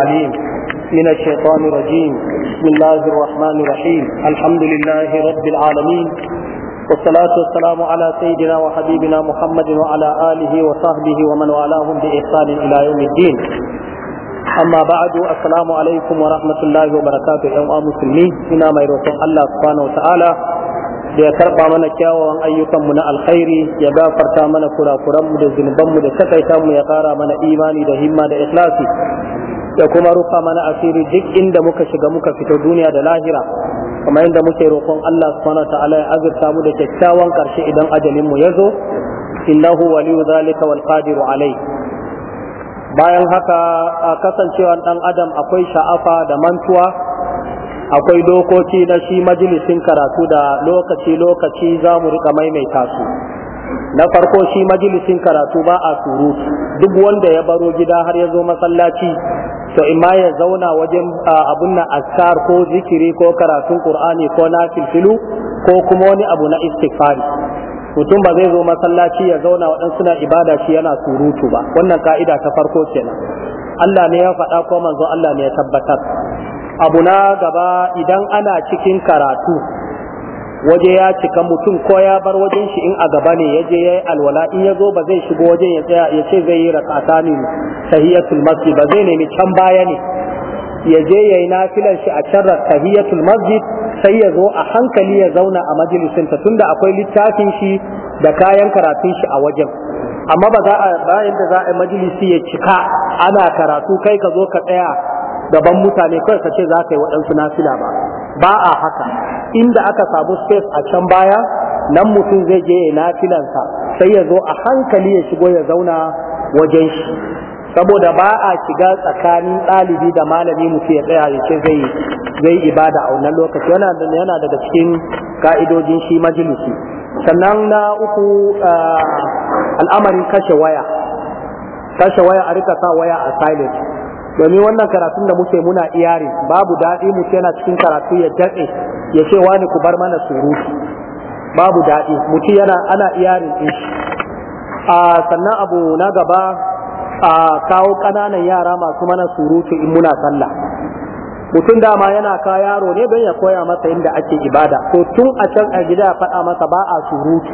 عليم من الشيطان الرجيم بسم الله الرحمن الرحيم الحمد لله رب العالمين والصلاة والسلام على سيدنا وحبيبنا محمد وعلى آله وصحبه ومن والاهم بإحسان إلى يوم الدين أما بعد السلام عليكم ورحمة الله وبركاته يا مسلمين هنا ما يرسل الله سبحانه وتعالى da ya karba mana kyawawan ayyukanmu na alkhairi ya gafarta mana kurakuranmu da zunubanmu da takaita mu ya kara mana imani da himma da ikhlasi da kuma rufa mana asiri duk inda muka shiga muka fito duniya da lahira kamar yadda muke roƙon Allah subhanahu ta'ala ya azurta mu da kyakkyawan karshe idan ajalin mu yazo innahu waliyu zalika wal qadir alai bayan haka a kasancewa dan adam akwai sha'afa da mantuwa akwai dokoki na shi majalisin karatu da lokaci lokaci za mu rika maimaita su na farko shi majalisin karatu ba a surutu duk wanda ya baro gida har ya zo masallaci to imma ya zauna wajen abun na askar ko zikiri ko karatun qur'ani ko na filfilu ko kuma wani abu na istighfari mutum ba zai zo masallaci ya zauna waɗansu suna ibada shi yana surutu ba wannan ka'ida ta farko kenan Allah ne ya faɗa ko manzo Allah ne ya tabbatar abu na gaba idan ana cikin karatu waje ya cika mutum ko ya bar wajen shi in a gaba ne ya je ya yi alwala in ya zo ba zai shigo wajen ya tsaya ya ce zai yi rakata ne sahiyatul masjid ba zai nemi can baya ne ya je ya yi nafilan shi a can sahiyatul masjid sai ya zo a hankali ya zauna a majalisin ta tunda akwai littafin shi da kayan karatun shi a wajen amma ba za a bayan da za a majalisi ya cika ana karatu kai ka zo ka tsaya gaban mutane kawai ka ce za ka yi waɗansu nafila ba ba a haka inda aka samu space a can baya nan mutum zai je ya nafilansa sai ya zo a hankali ya shigo ya zauna wajen shi saboda ba a shiga tsakanin ɗalibi da malami mutum ya tsaya ya ce zai zai ibada a wannan lokaci yana daga cikin ka'idojin shi majalisi sannan na uku ah, al'amarin kashe waya kashe waya a rika sa waya a silent domin wannan karatun da muke muna iyari babu daɗi mu yana cikin karatu ya jaɗe ya ce wani ku bar mana surutu babu daɗi mutum yana ana iyari ɗin shi a sannan abu na gaba a kawo ƙananan yara masu mana surutu in muna sallah mutum dama yana ka yaro ne don ya koya masa inda ake ibada ko tun a can a gida ya faɗa masa ba a surutu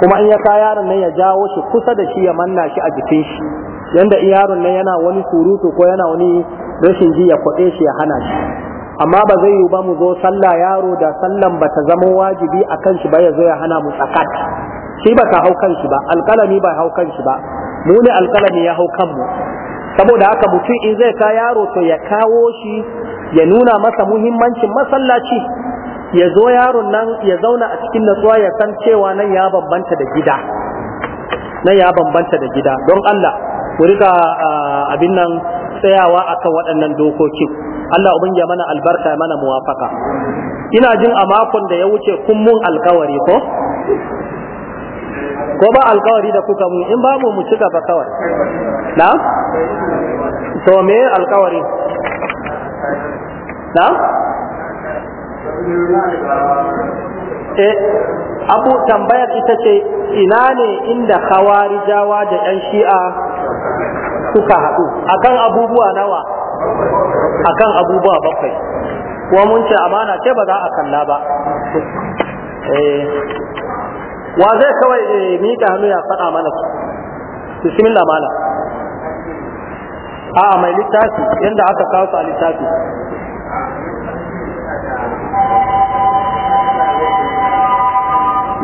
kuma in ya ka yaron nan ya jawo shi kusa da shi ya manna shi a jikin shi yanda yaron nan yana wani surutu ko yana wani rashin ji ya kwaɗe shi ya hana shi amma ba zai yiwu ba mu zo sallah yaro da sallan ba ta zama wajibi a kan shi ba ya zo ya hana mu tsakat shi ba ka hau kan shi ba alƙalami ba hau kan shi ba mu ne alƙalami ya hau kanmu saboda haka mutum in zai ka yaro to ya kawo shi ya nuna masa muhimmancin masallaci ya zo yaron nan ya zauna a cikin natsuwa ya san cewa nan ya bambanta da gida nan ya bambanta da gida don Allah ku rika abin nan tsayawa akan waɗannan dokokin Allah ubin ya mana albarka ya mana muwafaka ina jin a makon da ya wuce kun mun alkawari ko ko ba alkawari da kuka mun in ba mu mu ci gaba kawai na to me alkawari na eh abu tambayar ita ce ina ne inda khawarijawa da yan shi'a suka haɗu akan abubuwa nawa akan abubuwa bakwai Kuwa mun ce amana ce ba za a kalla ba eh, wa zai kawai eh, miƙa hannu ya faɗa mana su bismillah malam a mai littafi yadda aka kawo su a littafi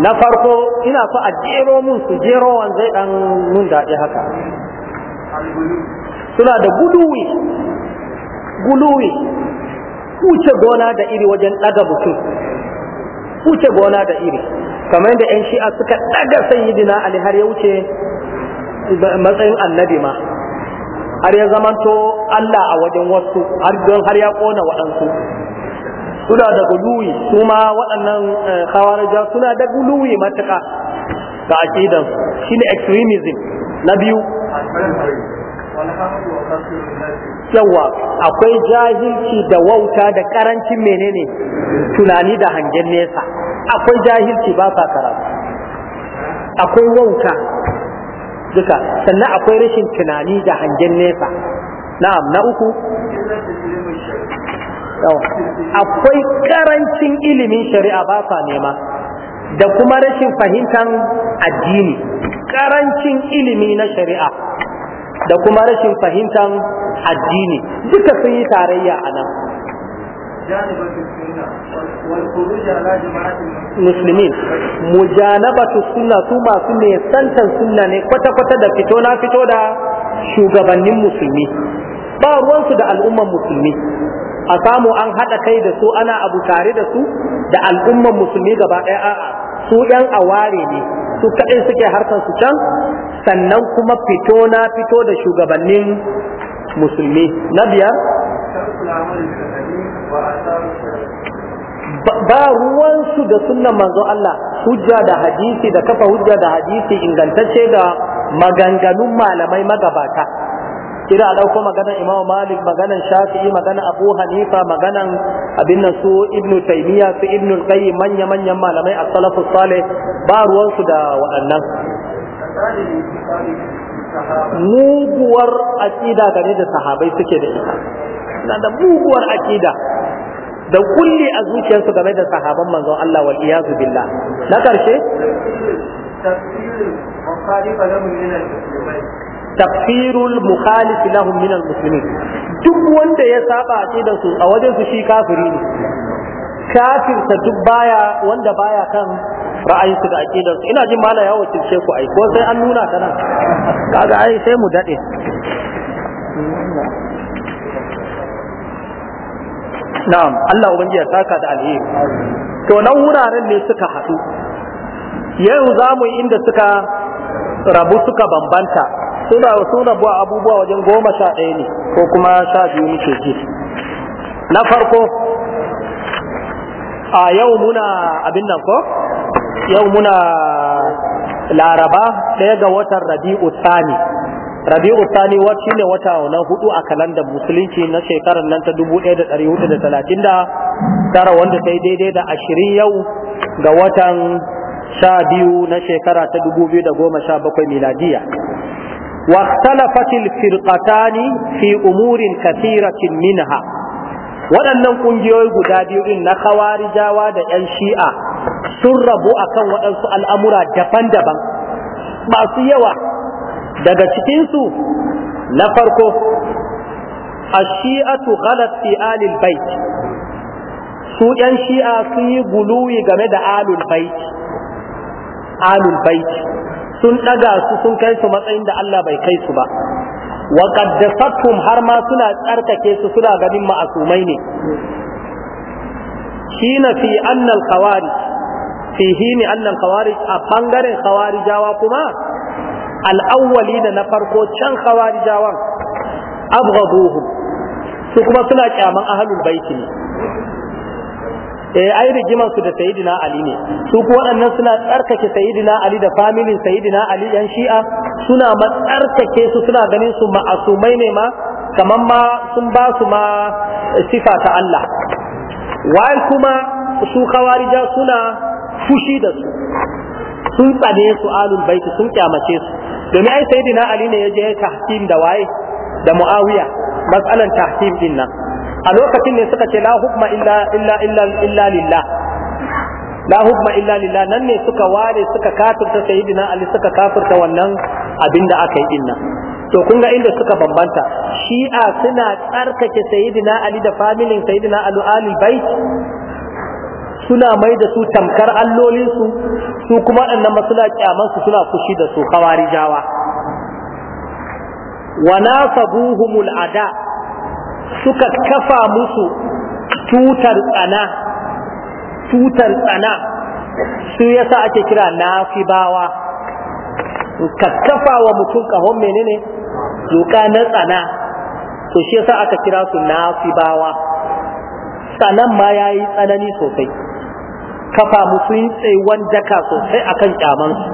na farko ina so a jero mun su jero wanzai dan mun daɗi haka suna da guduwi guduwi gona da iri wajen ɗaga mutum gona da iri kamar yadda 'yan shi'a suka ɗaga sayyidina ali har ya wuce matsayin annabi ma har ya zamanto Allah a wajen wasu har don har ya kona waɗansu suna da guluwi su ma waɗannan eh, suna da guluwi matuka ga shi ne extremism na biyu yawa akwai jahilci da wauta da karancin menene tunani da hangen nesa akwai jahilci ba sa karatu akwai wauta duka sannan akwai rashin tunani da hangen nesa na'am na uku akwai karancin ilimin shari'a ba sa nema da kuma rashin fahimtar addini karancin ilimi na shari'a da kuma rashin fahimtar addini duka sun yi tarayya a nan musulmin mujanabatu suna su masu ne santan sunna ne kwata-kwata da fito na fito da shugabannin musulmi ba ruwansu da al'ummar musulmi a samu an haɗa kai da su ana abu tare da su da al'ummar musulmi gaba ɗaya a'a su ɗan aware ne su kaɗai suke harkar su can sannan kuma fito na fito da shugabannin musulmi na biyar ba ruwansu da sunan manzo Allah hujja da hadisi da kafa hujja da hadisi ingantacce ga maganganun malamai magabata kira a ɗauko maganan imamu malik maganan shafi'i maganan abu hanifa maganan abin nan su ibn taymiya su ibn qayyim manya manyan malamai a salafu salih ba ruwansu da waɗannan muguwar aƙida gare da sahabai suke da ita na da muguwar aƙida da kulli a zuciyarsu game da sahaban manzon Allah wal iyazu billah na karshe takfirul mukhalif lahum minal muslimin duk wanda ya saba da su a wajen su shi kafiri ne kafirta duk baya wanda baya kan ra'ayinsu da aqidarsu ina jin mala ya wakilce ku ai ko sai an nuna ta nan kaga ai sai mu dade na'am Allah ubangiji ya saka da alheri to nan wuraren ne suka haɗu yau za mu inda suka rabu suka bambanta suna suna buwa abubuwa wajen goma sha ɗaya ne ko kuma sha biyu muke ji na farko a yau muna abin nan ko yau muna laraba ɗaya ga watan rabi'u tsani rabi'u tsani wata shine wata na hudu a kalandar musulunci na shekarar nan ta dubu ɗaya da da da hudu talatin tara wanda ta yi daidai da ashirin yau ga watan sha biyu na shekara ta dubu biyu da goma sha bakwai miladiya واختلفت الفرقتان في أمور كثيرة منها waɗannan ƙungiyoyi guda biyu ɗin na kawarijawa da 'yan shi'a sun rabu a kan waɗansu al'amura daban-daban masu yawa daga cikinsu na farko a shi'atu ghalat fi alil bait su 'yan shi'a sun yi guluwi game da alul bait alul bait sun ɗaga su sun kai su matsayin da Allah bai kai su ba wa qaddasatum har ma suna tsarkake su suna ganin ma'asumai ne shine fi anna al fi hini anna al-khawarij a bangaren jawa kuma al da na farko can khawarijawan abghaduhu su kuma suna kyaman ahlul baiti ne eh ai rigimar su da sayyidina ali ne su ko waɗannan suna tsarkake sayyidina ali da familin sayyidina ali yan shi'a suna ma tsarkake su suna ganin su ma'asumai ne ma kaman ma sun ba su ma sifa ta Allah wai kuma su kawarija suna fushi da su sun tsane su alul baiti sun kyamace su domin ai sayyidina ali ne ya je tahkim da waye da muawiya matsalan tahkim din nan a lokacin ne suka ce la hukma illa illa illa illa lillah la hukma illa lillah nan ne suka ware suka kafirta sayyidina ali suka kafirta wannan abinda aka yi dinnan to kun ga inda suka bambanta shi'a suna tsarkake sayyidina ali da familin sayyidina alu ali bai suna mai da su tamkar allolinsu su kuma waɗannan ma suna kyamansu suna fushi da su hawarijawa wa nasabuhumul ada suka kafa musu tutar tsana tutar tsana su yasa ake kira nafibawa ka kafa wa mutum kahon menene doka na tsana to shi yasa aka kira su nafibawa tsanan ma ya yi tsanani sosai kafa musu yin tsaiwan daka sosai akan kyamansu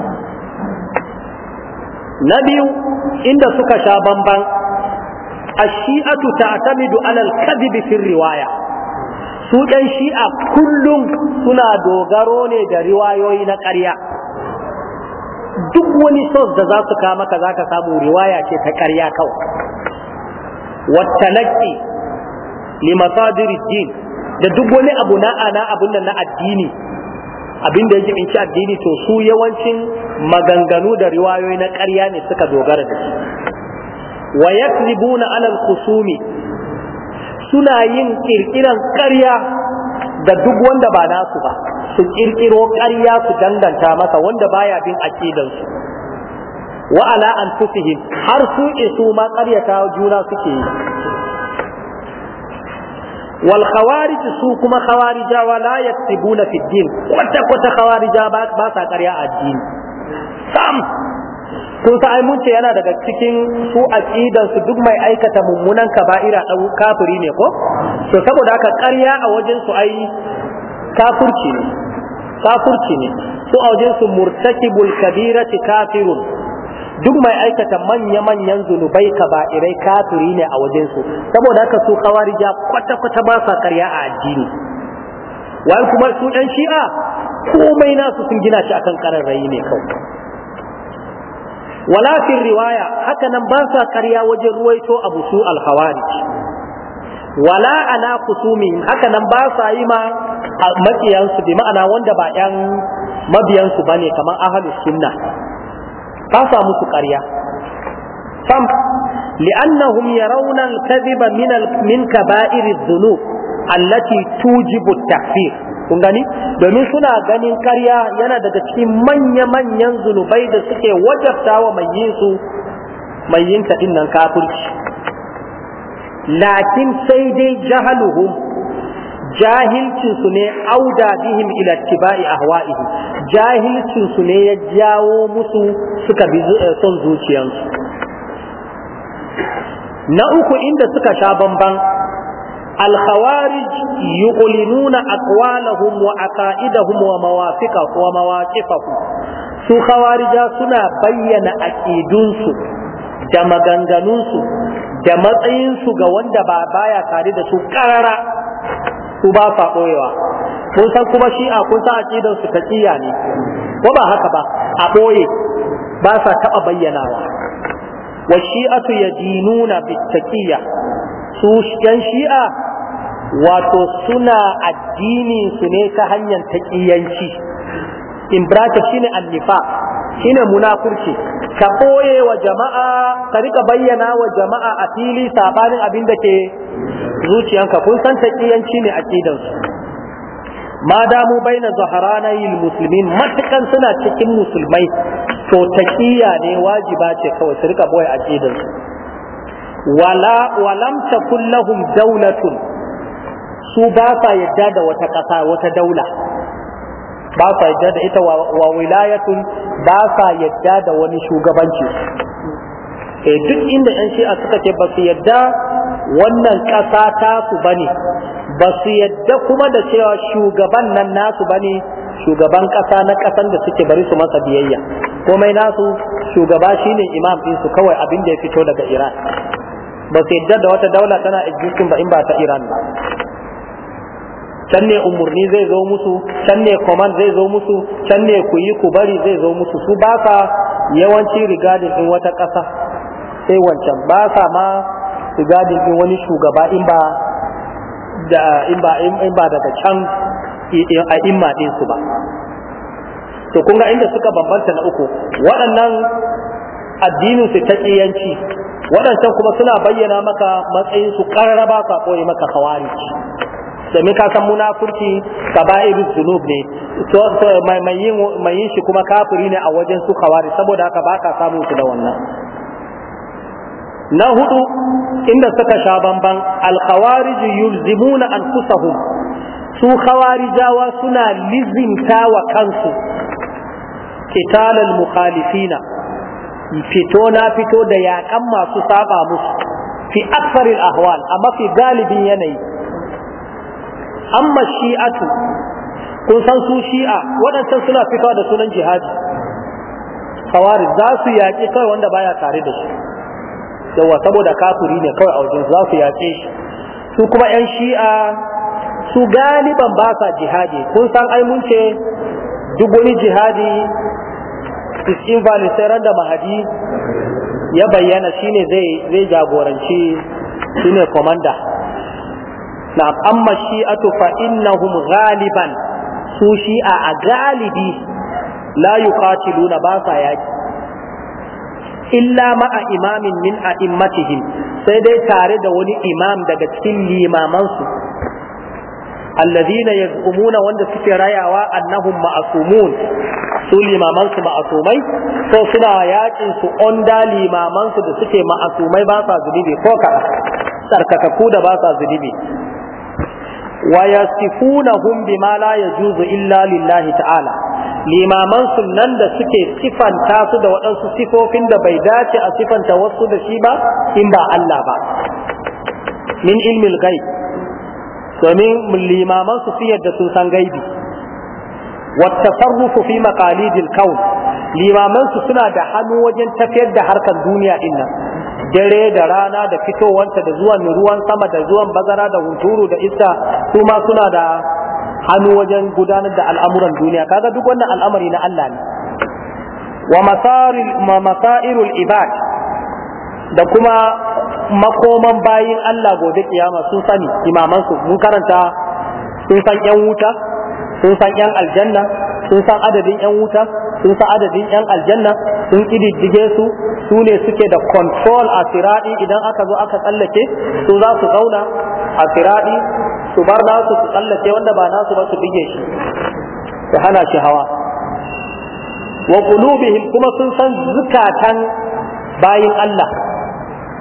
na biyu inda suka sha bambam. الشيعة تعتمد على الكذب في الرواية سودان شيعة كل سنا دوغروني دا روايوي نقريا duk wani sos da za su kama ka za ka samu riwaya ce ta ƙarya kawai wattalaki li da duk wani abu na ana abun nan na addini abin da yake binci addini to su yawancin maganganu da riwayoyi na ƙarya ne suka dogara da shi wa yakribuna alal kusumi suna yin kirkiran ƙarya da duk wanda ba nasu ba su ƙirƙiro ƙarya su danganta masa wanda baya bin aqidansu wa ala anfusihim har su isu ma ƙaryata juna suke yi wal khawarij su kuma khawarijawa la yaktibuna fi din kwata kwata khawarija ba ƙarya a addini kun sa ai mun ce yana daga cikin su aqidan su duk mai aikata mummunan kaba'ira da kafiri ne ko to saboda haka ƙarya a wajen su ai kafirci ne kafirci ne su a wajen su murtakibul kabirati kafirun duk mai aikata manya-manyan zunubai kaba'irai kafiri ne a wajen su saboda haka su kawarija kwata-kwata ba sa ƙarya a addini wai kuma su ɗan shi'a komai nasu sun gina shi akan ƙararrayi ne kawai wala riwaya haka nan ba sa karya wajen ruwaito abu su alhawari. wala ana kusumin haka nan ba sa yi ma maƙiyansu bi ma'ana wanda ba ƴan mabiyansu bane kamar ahlus sunna ba sa musu karya sam li'annahum yarawna al-kadhiba min min kaba'ir adh-dhunub allati tujibu at-takfir kun gani domin suna ganin karya yana daga cikin manya-manyan zunubai da suke wajabta wa mai yin su mai yin ta dinnan kafirci lakin sai dai jahaluhum jahilcin su ne auda bihim ila tibai ahwaihi jahilcin su ne ya jawo musu suka bi eh, son zuciyansu na uku inda suka sha bamban الخوارج يعلنون أقوالهم وعقائدهم ومواثقهم ومواقفهم su khawarija suna bayyana aƙidunsu da maganganunsu da matsayinsu ga wanda ba baya tare da su ƙarara su ba sa ɓoyewa kun san kuma a kun san aƙidansu taƙiyya ne ko ba haka ba a ɓoye ba sa taɓa bayyanawa wa shi'atu yadinuna bittaqiyya su yan shi'a wato suna addini su ne ta hanyar taƙiyanci in ne allifa, shi shine munafurci ka ɓoye wa jama'a ka rika bayyana wa jama'a a fili sabanin abin da ke zuciyanka kun san taƙiyanci ne a aƙidansu ma damu baina yi muslimin matukan suna cikin musulmai to taƙiya ne wajiba ce kawai su rika boye ƙidansu. wala walam lahum daulatun su ba sa yadda da wata ƙasa wata daula ba sa yadda da ita wa wilayatun ba sa yadda da wani shugabanci e duk inda yan shi'a suka ce ba su yadda wannan ƙasa su bane ba su yadda kuma da cewa shugaban nan nasu bane shugaban ƙasa na ƙasan da suke bari su masa biyayya komai nasu shugaba shine imam ɗinsu kawai abin da ya fito daga iran ba su yadda da wata daula tana existing ba in ba ta Iran ba can ne umarni zai zo musu can ne command zai zo musu can ne ku yi ku bari zai zo musu su ba sa yawanci rigadin in wata ƙasa sai wancan ba sa ma rigadin in wani shugaba in ba da in ba in ba daga can a imma din su ba to kun ga inda suka bambanta na uku waɗannan addinin su ta kiyanci waɗancan kuma suna bayyana maka matsayin su karraba ka koyi maka khawarij domin ka san munafurci kaba'irul zunub ne to mai yin shi kuma kafiri ne a wajen su kawari saboda haka ba ka samu su da wannan na hudu inda suka sha bamban al-khawarij yulzimuna anfusahum su khawarijawa suna lizinta wa kansu qitalal mukhalifina fito na fito da yaƙan masu saba musu fi aksarin ahwal a mafi galibin yanayi amma shi'atu kun san su shi'a waɗancan suna fito da sunan jihadi kawari za su yaƙi kawai wanda baya tare da su yawa saboda kafiri ne kawai a wajen za su yaƙe shi su kuma 'yan shi'a su galiban ba sa jihadi kun san ai mun ce duk wani jihadi istighfari sai ran da mahadi ya bayyana shine zai zai jagoranci shine komanda na amma shi'atu fa innahum ghaliban su shi'a a galibi la yuqatiluna ba sa yaki illa ma'a imamin min a'immatihim sai dai tare da wani imam daga cikin limamansu alladhina yazumuna wanda suke rayawa annahum ma'sumun su limaman su ma'asumai so suna yakin su onda limaman su da suke ma'asumai ba sa ko ka sarkakaku da ba sa zunubi wa yasifunahum bima la yajuzu illa lillahi ta'ala Limamansu nan da suke sifanta su da waɗansu sifofin da bai dace a sifanta wasu da shi ba in ba Allah ba min ilmil ghaib domin limaman su sun yadda sun san gaibi wata sarrufu fi maqalidil kaun limaman su suna da hannu wajen tafiyar da harkar duniya din nan dare da rana da fitowanta da zuwan ruwan sama da zuwan bazara da hunturu da iska su ma suna da hannu wajen gudanar da al'amuran duniya kaga duk wannan al'amari na Allah ne wa masairul ibad da kuma makoman bayin Allah gobe kiyama sun sani imaman su, mun karanta sun san yan wuta sun san yan aljanna sun san adadin yan wuta sun san adadin yan aljanna sun kididdige su su ne suke da control a siradi idan aka zo aka tsallake su za su zauna a siradi su bar nasu su tsallake wanda ba nasu ba su bige shi su hana shi hawa wa qulubihim kuma sun san zukatan bayin Allah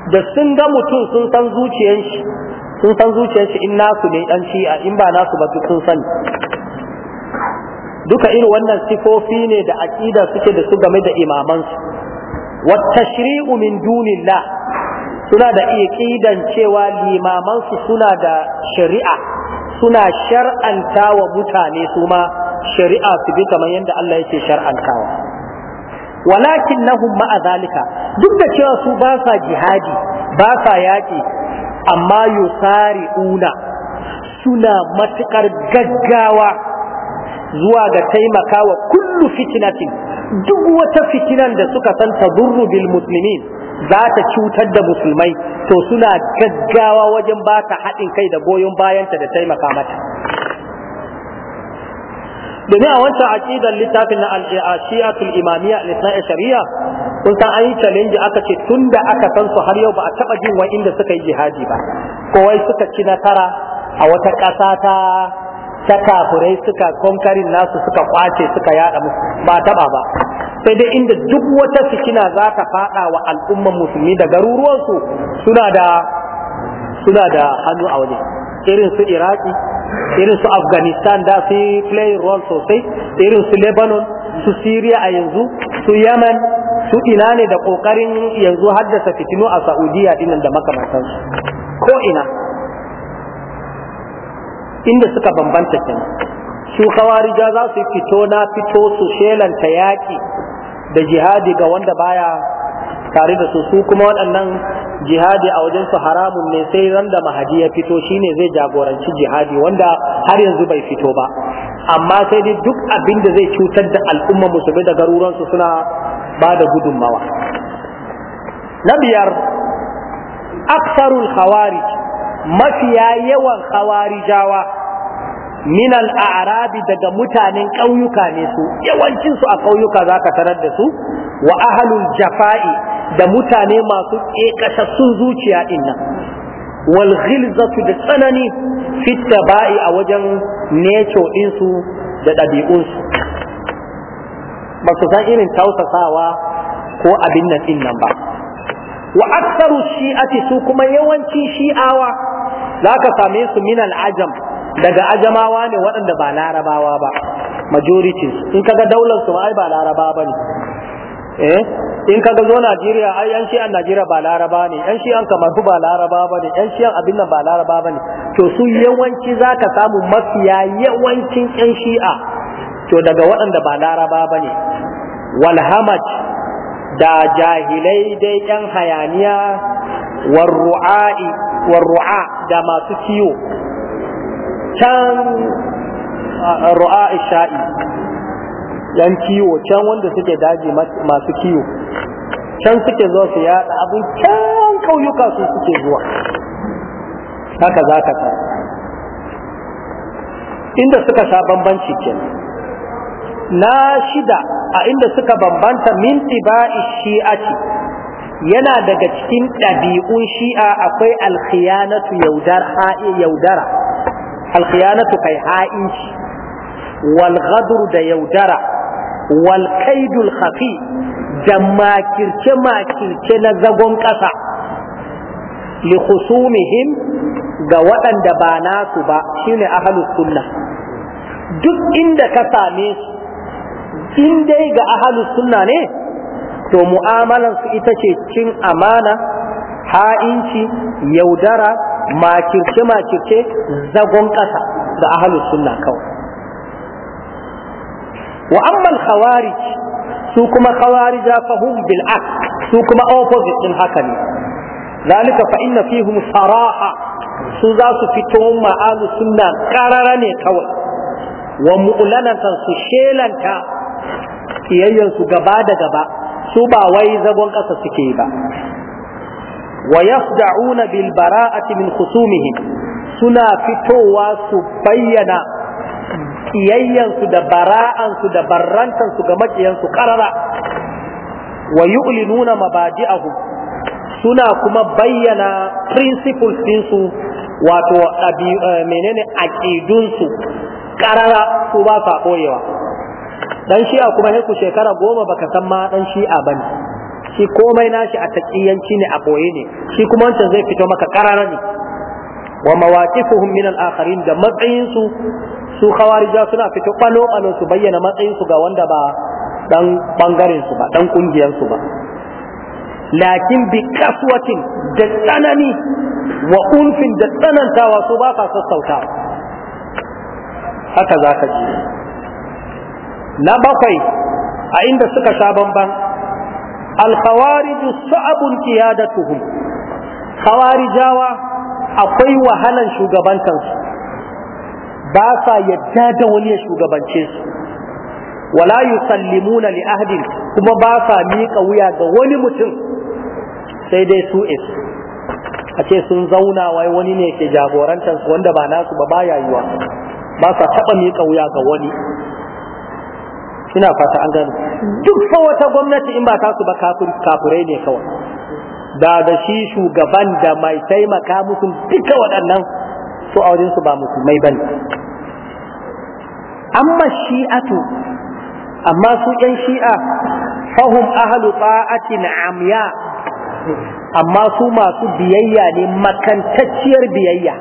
da sun ga mutum sun san zuciyar sun san zuciyar in nasu ne dan a in ba nasu ba sun sani duka irin wannan sifofi ne da aqida suke da su game da imamansu wa tashri'u min dunillah suna da iqidan cewa limamansu suna da shari'a suna shar'anta wa mutane su shari'a su bi kamar yadda Allah yake shar'antawa walakin nahum ma'a zalika duk da cewa su ba sa jihadi ba sa yaƙi amma yusari una suna matuƙar gaggawa zuwa ga taimakawa kullu fitinatin duk wata fitinan da suka san tadurru bil muslimin za ta cutar da musulmai to suna gaggawa wajen ba ta haɗin kai da goyon bayanta da taimaka mata domin a wancan aqidar littafin na al-shi'atul imamiyya al shari'a kun san an yi challenge aka ce tunda aka san su har yau ba a taba jin wai inda suka yi jihadi ba ko wai suka ci nasara a wata ƙasa ta ta kafurai suka konkarin nasu suka kwace suka yada musu ba taba ba sai dai inda duk wata fitina za ta fada wa al'umman musulmi da garuruwansu suna da hannu a waje irin su iraki irin su afghanistan da su play role sosai irin su lebanon su syria a yanzu su yaman su ina ne da kokarin yanzu haddasa fitinu a saudiya dinan da makamantansu ko ina inda suka bambanta kenan su kawarija za su fito na fito su shelanta yaƙi da jihadi ga wanda baya tare da su su kuma waɗannan jihadi a wajen su haramun ne sai ran da mahadi ya fito shine zai jagoranci jihadi wanda har yanzu bai fito ba amma sai dai duk abin da zai cutar da al'umma musulmi da garuruwansu suna ba da gudunmawa na biyar aksarul khawarij mafiya yawan jawa minal a'arabi daga mutanen ƙauyuka ne su yawancinsu a ƙauyuka za ka tarar da su wa ahlul jafa'i da mutane masu ƙeƙasassun zuciya din nan da tsanani fitta ba'i a wajen neco ɗinsu da ɗabi'unsu ba su san irin tausasawa ko abin nan ɗin nan ba wa aksaru shi'ati su kuma yawanci shi'awa za ka same su minal ajam daga ajamawa ne waɗanda ba larabawa ba majority in kaga daular su ai ba laraba ba ne eh in ka ga zo Najeriya ai yan shi an Najeriya ba Laraba ne yan shi an kamar ba Laraba ba ne yan shi an abin nan ba Laraba ba ne to su yawanci zaka samu mafiya yawancin yan shi'a to daga waɗanda ba Laraba ba ne walhamaj da jahilai dai yan hayaniya warru'a'i warru'a da masu kiyo can ru'a sha'i yan kiwo can wanda suke daji masu kiwo can suke zuwa su yada abin can kauyuka su suke zuwa haka za ka inda suka sha bambanci kenan na shida a inda suka bambanta minti ba'i shi'aci yana daga cikin ɗabi'un shi'a akwai alkhiyanatu yaudara alkhiyanatu kai ha'inci wal da yaudara wal kaidul da makirce makirce na zagon ƙasa li khusumihim ga waɗanda ba nasu ba shine ahlus sunna duk inda ka same su in dai ga ahlus sunna ne to mu'amalansu ita ce cin amana ha'inci yaudara makirce makirce zagon ƙasa ga ahlus sunna kawai wa amma al-khawarij su kuma khawarija fa hum su kuma opposite din haka ne zalika fa inna fihum saraha su zasu fito ma ahlu sunna karara ne kawai wa mu'lanatan su shelanta kiyayyan su gaba da gaba su ba wai zagon ƙasa suke ba wa yafda'una bil bara'ati min khusumihim suna fitowa su bayyana kiyayyansu da bara'ansu da barrantansu ga makiyansu karara wa yu'linuna mabadi'ahu suna kuma bayyana principles ɗinsu wato eh, menene aƙidunsu karara su ba sa ɓoyewa dan shi'a kuma sai shekara goma baka san ma dan shi'a bane shi komai nashi a taqiyanci ne a boye ne shi kuma wancan zai fito maka karara ne wa mawaqifuhum min al-akharin da matsayinsu? su khawarija suna fito kwano-kwano su bayyana matsayin su ga wanda ba dan bangaren su ba dan kungiyar su ba lakin bi kaswatin da tsanani wa unfin da tsanantawa su ba ka sassauta haka za ka ji na bakwai a inda suka sha bamban alkhawariju sa'abun qiyadatuhum khawarijawa akwai wahalan shugabantansu ba sa yadda da wani ya shugabance su wala yusallimuna li ahadin kuma ba sa miƙa wuya ga wani mutum sai dai su is a ce sun zauna wai wani ne ke jagorantar su wanda ba nasu ba baya yiwa ba sa taɓa miƙa wuya ga wani ina fata an gano duk fa wata gwamnati in ba ta su ba kafirai ne kawai da da shi shugaban da mai taimaka musu duka waɗannan su aurensu ba musulmai bane amma shi'atu amma su ƴan shi'a fahum ahlu ta'atin amya amma su masu biyayya ne makantacciyar biyayya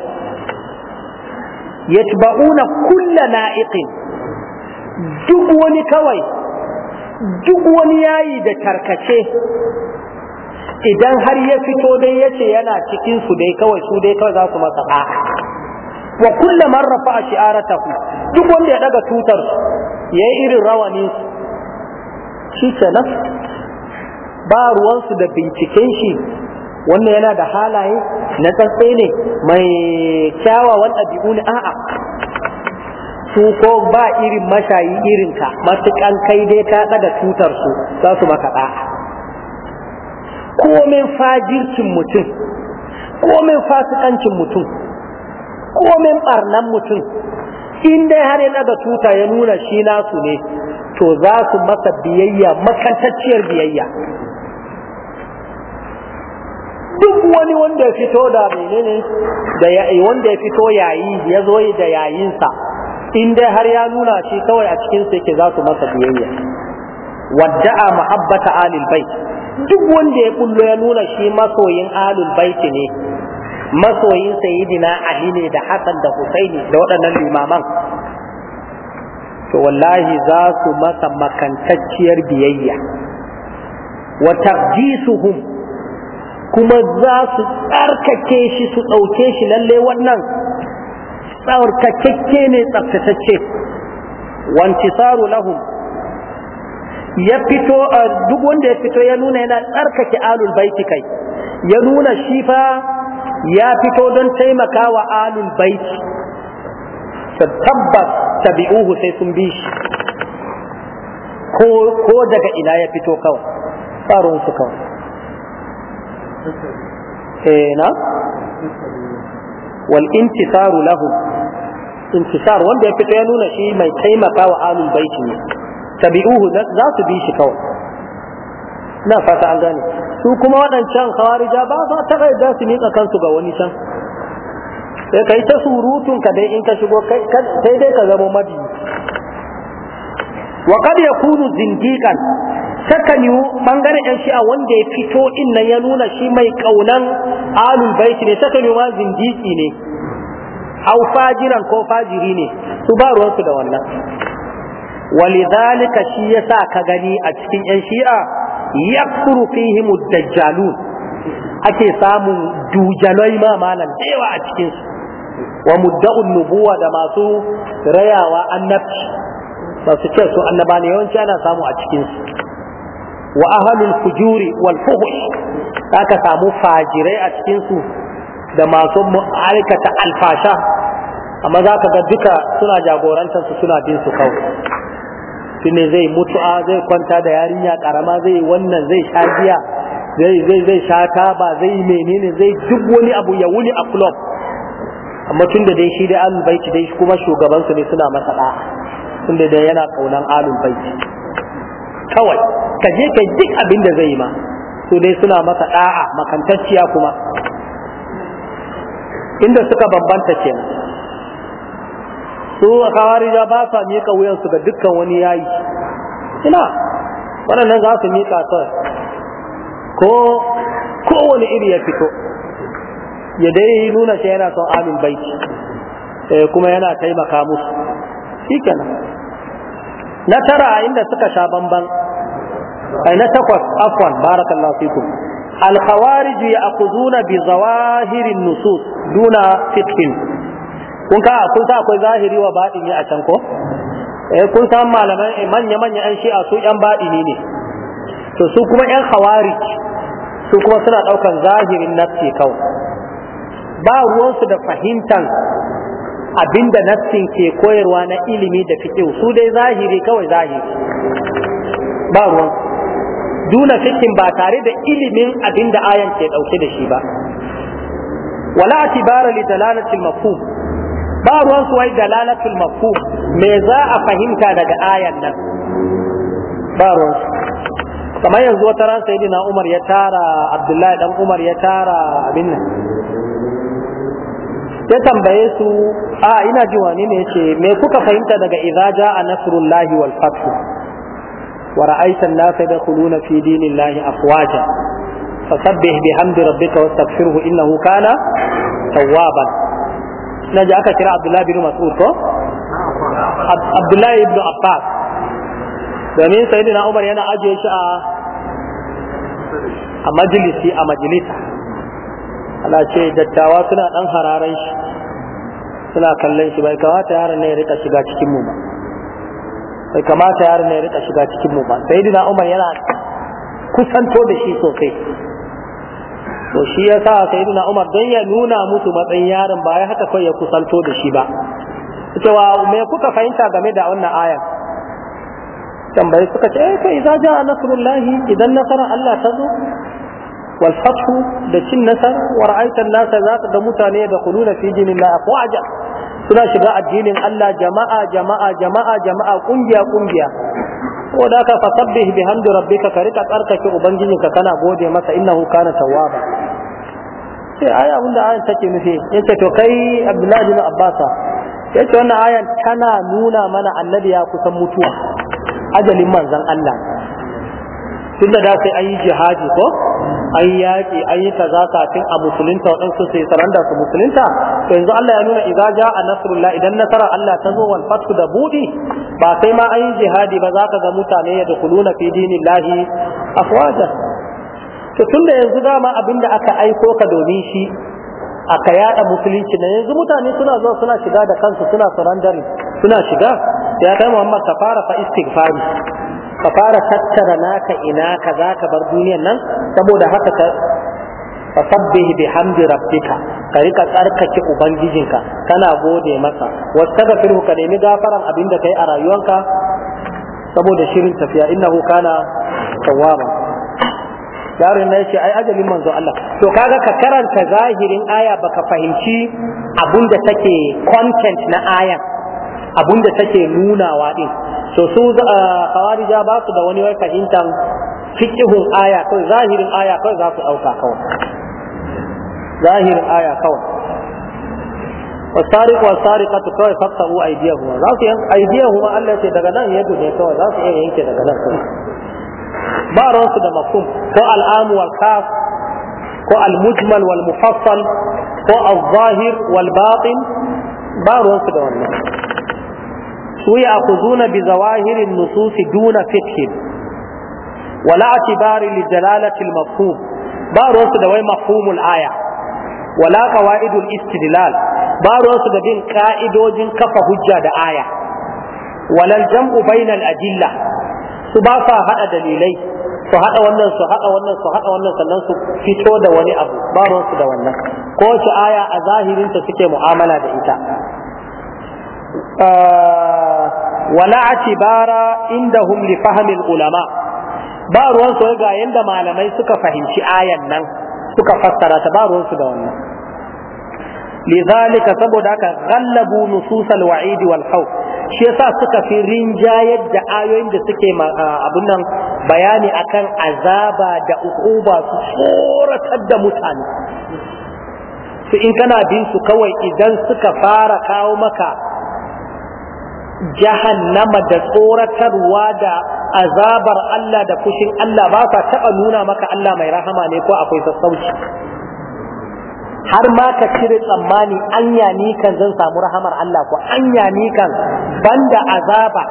yatba'una kulla na'iqin duk wani kawai duk wani yayi da tarkace idan har ya fito dai yace yana cikin su dai kawai su dai kawai za su masa a'a wa kullu man rafa'a shi'aratahu duk wanda ya daga tutar yayi irin rawani shi kenan ba ruwansu da binciken shi wannan yana da halaye na tsatse ne mai kyawawan ɗabi'u ne a'a su ko ba irin mashayi irinka matuƙan kai dai ka ɗaga tutar za su maka ɗa'a komin fajircin mutum komin fasikancin mutum komen barnan mutum in dai har ya da tuta ya nuna shi nasu ne to za su masa biyayya makantacciyar biyayya duk wani wanda ya fito da menene da ya wanda ya fito yayi ya zo da yayinsa in dai har ya nuna shi kawai a cikin sa yake za su masa biyayya wadda'a muhabbata alil bait duk wanda ya bullo ya nuna shi masoyin alil bait ne masoyin sayidina ali ne da hasan da husaini da waɗannan limaman to wallahi za su masa makantacciyar biyayya wa taqdisuhum kuma za su tsarkake shi su ɗauke shi lalle wannan tsarkakakke ne tsaftatacce wantisaru lahum ya fito duk wanda ya fito ya nuna yana tsarkake alul baiti kai ya nuna shi fa ya fito don taimaka wa alul baiti tabbas tabi'uhu sai sun bi shi ko daga ina ya fito kawai tsarin su kawai eh na wal intisaru lahu intisar wanda ya fito ya nuna shi mai taimaka wa alul baiti ne tabi'uhu za su bi shi kawai na fata an gane su kuma waɗancan kawarija ba za ta yarda su miƙa kansu ga wani can sai kai ta surutun ka dai in ka shigo kai sai dai ka zama mabi wa kad yakunu zindiqan takan yi yan shi'a wanda ya fito in nan ya nuna shi mai kaunan alul baiti ne saka ni ma zindiki ne aw fajiran ko fajiri ne su ba ruwansu da wannan walidhalika shi yasa ka gani a cikin yan shi'a yakfuru fihim dajjalun ake samun dujalai ma malan daya a cikin su wa mudda'un nubuwa da masu rayawa annabci masu ce su annabani yawanci ana samu a cikin su wa ahlul fujuri wal fuhush aka samu fajirai a cikin su da masu aikata alfasha amma za ga duka suna jagorantar su suna bin su kawai shine zai mutu'a zai kwanta da yarinya karama zai wannan zai sha zai zai zai sha ba zai menene zai duk wani abu ya wuni a club amma tun da dai shi dai alul baiti dai kuma shugaban su ne suna masa da tun da dai yana kaunan alul baiti kawai ka je ka duk abin da zai ma su dai suna masa da'a makantacciya kuma inda suka bambanta kenan su khawarija ba sa miƙa wuyansu ga dukkan wani yayi ina waɗannan za su miƙa ta ko kowane iri ya fito ya dai nuna shi yana son amin baiti eh, kuma yana taimaka musu shi kenan na tara inda suka sha bamban ai na takwas afwan barakallahu fikum al khawarij ya'khuduna bi zawahirin nusus duna fiqhin kun ka kun sa akwai zahiri wa baɗini a can ko eh kun san malaman eh, manya manya an shi'a su yan baɗini ne to su kuma yan khawari su kuma suna daukan zahirin nafsi kawai ba ruwan su da fahimtan abinda nassin ke koyarwa na ilimi da fiƙe su dai zahiri kawai zahiri ba ruwan duna fikin ba tare da ilimin abinda ayan ke dauke da shi ba wala atibara li dalalatil mafhum ba ruwan su wai dalalatul mafhum me za a fahimta daga ayan nan ba ruwan su kamar yanzu wata ran sayyidina Umar ya tara Abdullahi dan Umar ya tara abin nan ya tambaye su a ina ji wani ne ce me kuka fahimta daga idza jaa nasrullahi wal fath wa ra'aita an-nasa yadkhuluna fi dinillahi afwaja fasabbih bihamdi rabbika wastaghfirhu innahu kana tawwaban na ji aka kira abdullahi bin mas'ud ko abdullahi ibn abbas domin sayyidina umar yana ajiye shi a a majalisi a majalisa ana ce dattawa suna dan hararan shi suna kallon shi bai kamata yaron ne ya rika shiga cikin mu ba bai kamata yaron ne ya rika shiga cikin mu ba sayyidina umar yana kusanto da shi sosai to shi ya sa sai nuna umar don ya nuna musu matsayin yaron ba ya haka kai ya kusanto da shi ba cewa me kuka fahimta game da wannan aya tambayi suka ce eh kai idza jaa nasrullahi idan nasara Allah ta zo wal da cin nasar wa ra'aita an-nasa da mutane da khuluna fi dinillahi afwaja suna shiga addinin Allah jama'a jama'a jama'a jama'a kungiya kungiya ko da ka fasabbih bihamdi rabbika ka rika tsarkake ubangijinka kana gode masa innahu kana tawwaba sai aya abinda ayan take nufi yace to kai abdullahi bin abbasa yace wannan ayan tana nuna mana annabi ya kusan mutuwa ajalin manzon Allah tunda da sai an yi jihadi ko an yaki, an yi kaza kafin a musulunta waɗansu sai saranda su musulunta to yanzu Allah ya nuna idza ja'a nasrullah idan nasara Allah ta zo wal fatku da budi ba sai ma an yi jihadi ba za ka ga mutane ya dukuluna fi dinin lahi afwaja to tun da yanzu dama abin da aka aiko ka domin shi aka yada musulunci na yanzu mutane suna zuwa suna shiga da kansu suna surrendering suna shiga ya kai muhammad ka fara fa istighfari ka fara tattara naka ina ka za ka bar duniyan nan saboda haka fasabbih bihamdi rabbika ka rika tsarkake ubangijinka kana gode masa wastaghfirhu ka nemi gafaran abinda kai a rayuwanka saboda shirin tafiya innahu kana tawwaba yaron na yace ai ajalin manzo Allah to kaga ka karanta zahirin aya baka fahimci abinda take content na aya, abinda take nunawa din so su kawarija ba su da wani wai fahimtan fiqhun aya kawai zahirin aya kawai za su dauka kawai ظاهر آية كوا والسارق والسارقة كوا يقطعوا أيديهما ذات أيديهما الله تدغنا يدو نيتوا ذات أيديهما تدغنا بارون سيدا مفهوم كو العام والكاف كو المجمل والمفصل كو الظاهر والباطن بارون سيدا والله ويأخذون بظواهر النصوص دون فقه ولا اعتبار لجلالة المفهوم بارون سيدا وي مفهوم الآية wala qawaidul istidlal ba su da bin ka'idojin kafa hujja da aya wala jam'u bainal adilla su ba sa hada dalilai su hada wannan su hada wannan su hada wannan sannan su fito da wani abu ba su da wannan ko ci aya a zahirin ta suke mu'amala da ita wala atibara indahum li fahmil ulama ba ruwan su ga yanda malamai suka fahimci ayan nan suka fassara ta ba ruwansu da wannan lidhalika saboda haka ghallabu nususal wa'idi wal khawf shi yasa suka fi rinjayar da ayoyin da suke abun nan bayani akan azaba da ukuba su tsoratar da mutane su in kana bin su kawai idan suka fara kawo maka jahannama da tsoratarwa da azabar Allah da kushin Allah ba sa taɓa nuna maka Allah mai rahama ne ko akwai sassauci har ma ka cire tsammani anya ni kan zan samu rahamar Allah ko anya ni kan banda azaba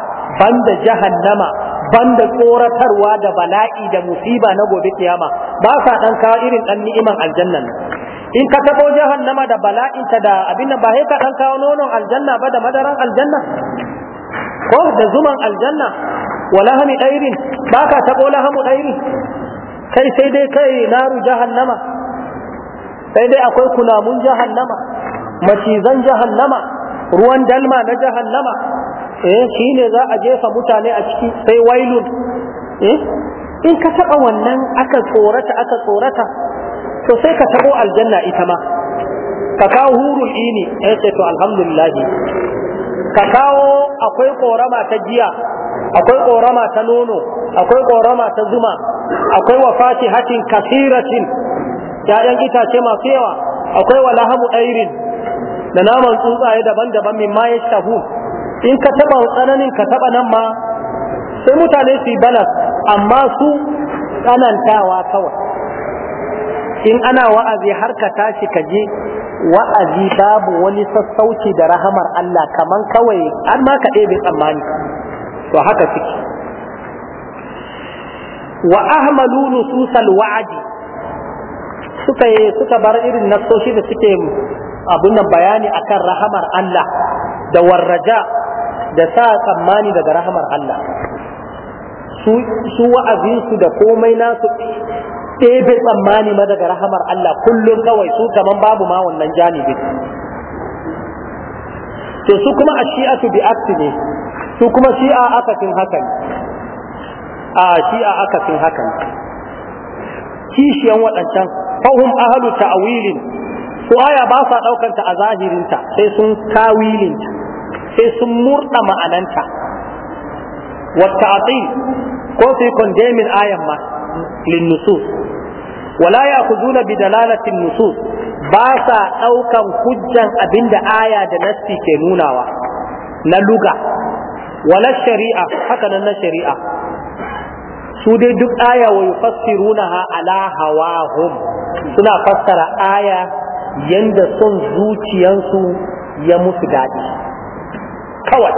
banda jahannama banda tsoratarwa da bala'i da musiba na gobe kiyama ba sa dan kawo irin dan ni'iman aljanna in ka tabo jahannama da bala'in ta da abin nan ba sai ka dan kawo nonon aljanna ba da madaran aljanna ko da zuman aljanna wa lahami ɗairin ba taɓo lahamu ɗairi kai sai dai kai naru jahannama sai dai akwai kulamun jahannama macizan jahannama ruwan dalma na jahannama eh shi ne za a jefa mutane a ciki sai wailun eh in ka taɓa wannan aka tsorata aka tsorata to sai ka taɓo aljanna ita ma ka kawo hurul ini eh sai to alhamdulillah ka kawo akwai korama ta giya akwai ƙorama ta nono akwai ƙorama ta zuma akwai wa fatihatin kasiratin ya'yan itace masu yawa akwai wa lahamu airin da naman tsuntsaye daban-daban min ma shahu. in ka taba tsananin ka taba nan ma sai mutane su balas amma su tsanantawa kawai in ana wa'azi har ka tashi ka je wa'azi babu wani sassauci da rahamar Allah kaman kawai an ma ka ɗebe tsammani to haka suke wa ahmalu nususal wa'adi suka suka bar irin nasoshi da suke abun nan bayani akan rahamar Allah da warraja da sa tsammani daga rahamar Allah su wa'azinsu da komai nasu ɗebe tsammani ma daga rahamar Allah kullum kawai su kaman babu ma wannan janibin to su kuma a shi'atu bi ne su kuma shi'a akasin hakan a shi'a akasin hakan kishiyan waɗancan fahim ahalu ta'awilin su aya ba sa ɗaukanta a zahirinta sai sun tawilinta sai sun murɗa ma'ananta wata atil ko su yi kondemin ayan ma linnusus wala ya ku zuna bi dalalatin nusus ba sa ɗaukan hujjan abinda aya da nassi ke nunawa na luga wala shari'a haka nan na shari'a su dai duk aya wa yufassirunaha ala hawahum suna fassara aya yanda son zuciyansu ya musu daɗi kawai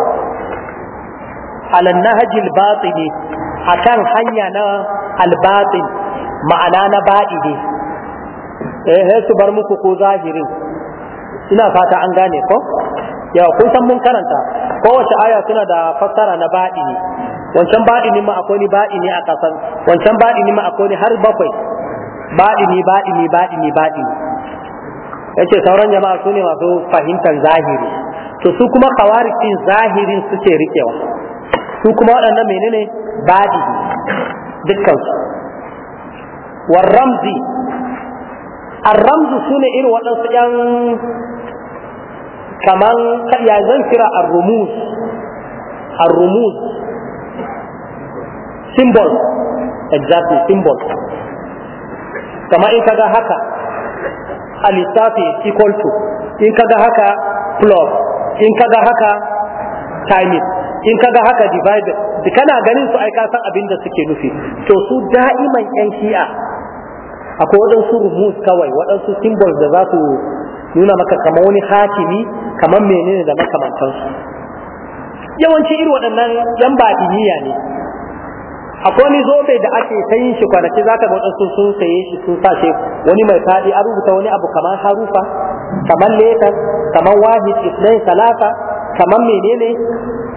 alan nahajil batini akan hanya na albatin ma'ana na ba'ide eh su bar muku ko zahirin suna fata an gane ko yawa kun san mun karanta kowace aya suna da fassara na ne wancan ne ma akwai ni ne a ƙasan wancan ne ma akwai ni har bakwai ne ne baɗi ne. Ya yace sauran jama'a su ne masu fahimtar zahiri to su kuma kawarikin zahirin suke rikewa su kuma waɗannan menene baɗi dukkan su warramzi arramzu su ne irin waɗansu 'yan kaman ya zan kira al rumus al rumus symbol exactly symbol kama in kaga haka alisafi equal to in kaga haka plus in kaga haka time in kaga haka divided kana ganin su ai ka san abin da suke nufi to su da'iman yan shi'a akwai wadansu rumus kawai wadansu symbols da za su nuna maka kamar wani hakimi kamar menene da makamantansu yawanci irin waɗannan yan baɗiniya ne akwai wani zobe da ake ta yin shi kwanaki za ka ga waɗansu sun saye shi sun sa wani mai faɗi an rubuta wani abu kamar harufa kamar letar kamar wahid isnai talata kamar menene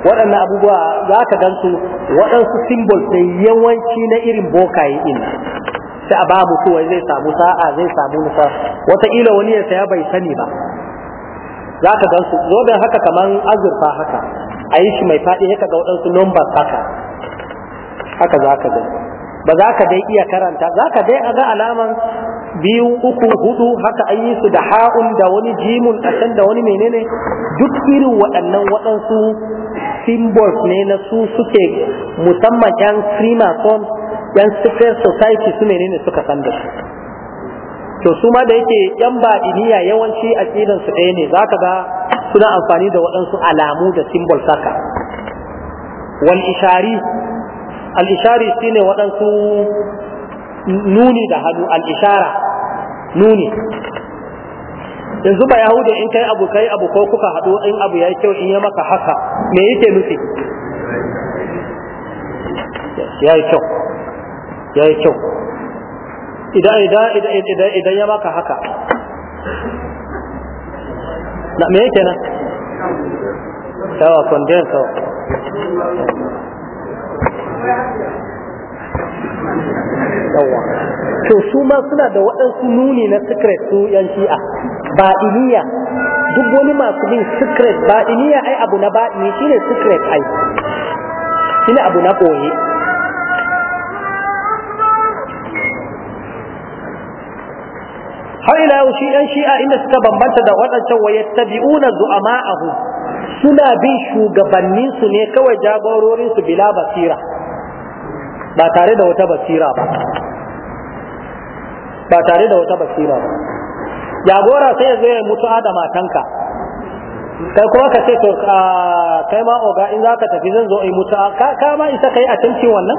waɗannan abubuwa za ka gansu waɗansu simbol da yawanci na irin bokaye ina. sai a babu su wai zai samu sa'a zai samu nufa wataƙila wani ya saya bai sani ba za ka gan su zoben haka kamar azurfa haka a yi shi mai faɗi haka ga waɗansu numbers haka haka za ka gani ba za ka dai iya karanta za ka dai a ga alaman biyu uku hudu haka an yi su da ha'un da wani jimun a can da wani menene duk irin waɗannan waɗansu symbols ne na su suke musamman yan freemason yan secret society su ne ne suka san da su to su ma da yake yan badiniya yawanci aqidan su ɗaya ne zaka ga suna amfani da waɗansu alamu da symbol saka wal ishari al ishari shine waɗansu nuni da hannu al ishara nuni yanzu ba yahuda in kai abu kai abu ko kuka haɗu in abu ya yi kyau in ya maka haka me yake nufi ya yi kyau ya yi kyau idan ya maka haka na me yake nan yawa kondiyar sau yawa to su ma suna da waɗansu nuni na secret su yan shi'a ba iniya duk wani masu bin secret ba iniya ai abu na ba ne shine secret ai shine abu na ɓoye har ila yau shi yan shi'a inda suka bambanta da waɗancan wa yattabi'una zu'ama'ahu suna bin shugabannin su ne kawai jagororin su bila basira ba tare da wata basira ba ba tare da wata basira ba jagora sai ya zai mutu da matanka kai kuma ka ce to kai ma oga in zaka tafi zan zo in mutu ka ma isa kai a tantin wannan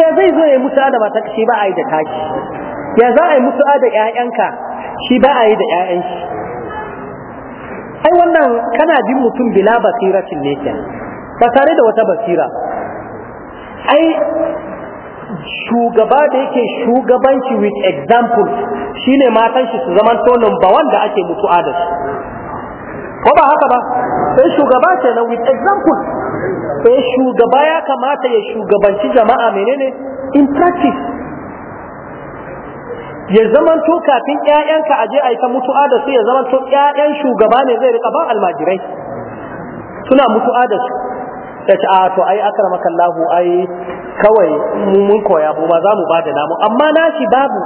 sai zai zo ya mutu da matanka shi ba a yi da taki ya za a yi mutu'a da 'ya'yanka, shi ba a yi da 'ya'yanshi. shi ai wannan kana jin mutum bila basira ne nekin ba tare da wata basira ai shugaba da yake shugabanci with example shine matan shi su zaman to number wanda ake mutu'a da su ko ba haka ba sai shugaba ce na with example sai shugaba ya kamata ya shugabanci jama'a menene in practice ya zamanto kafin ƴaƴanka a je a yi ta mutu'a da su ya zamanto ƴaƴan shugaba ne zai riƙa ba almajirai suna mutu'a da su ta ce a to ai akramaka kallahu ai kawai mun koya mu ma za mu bada namu amma na shi babu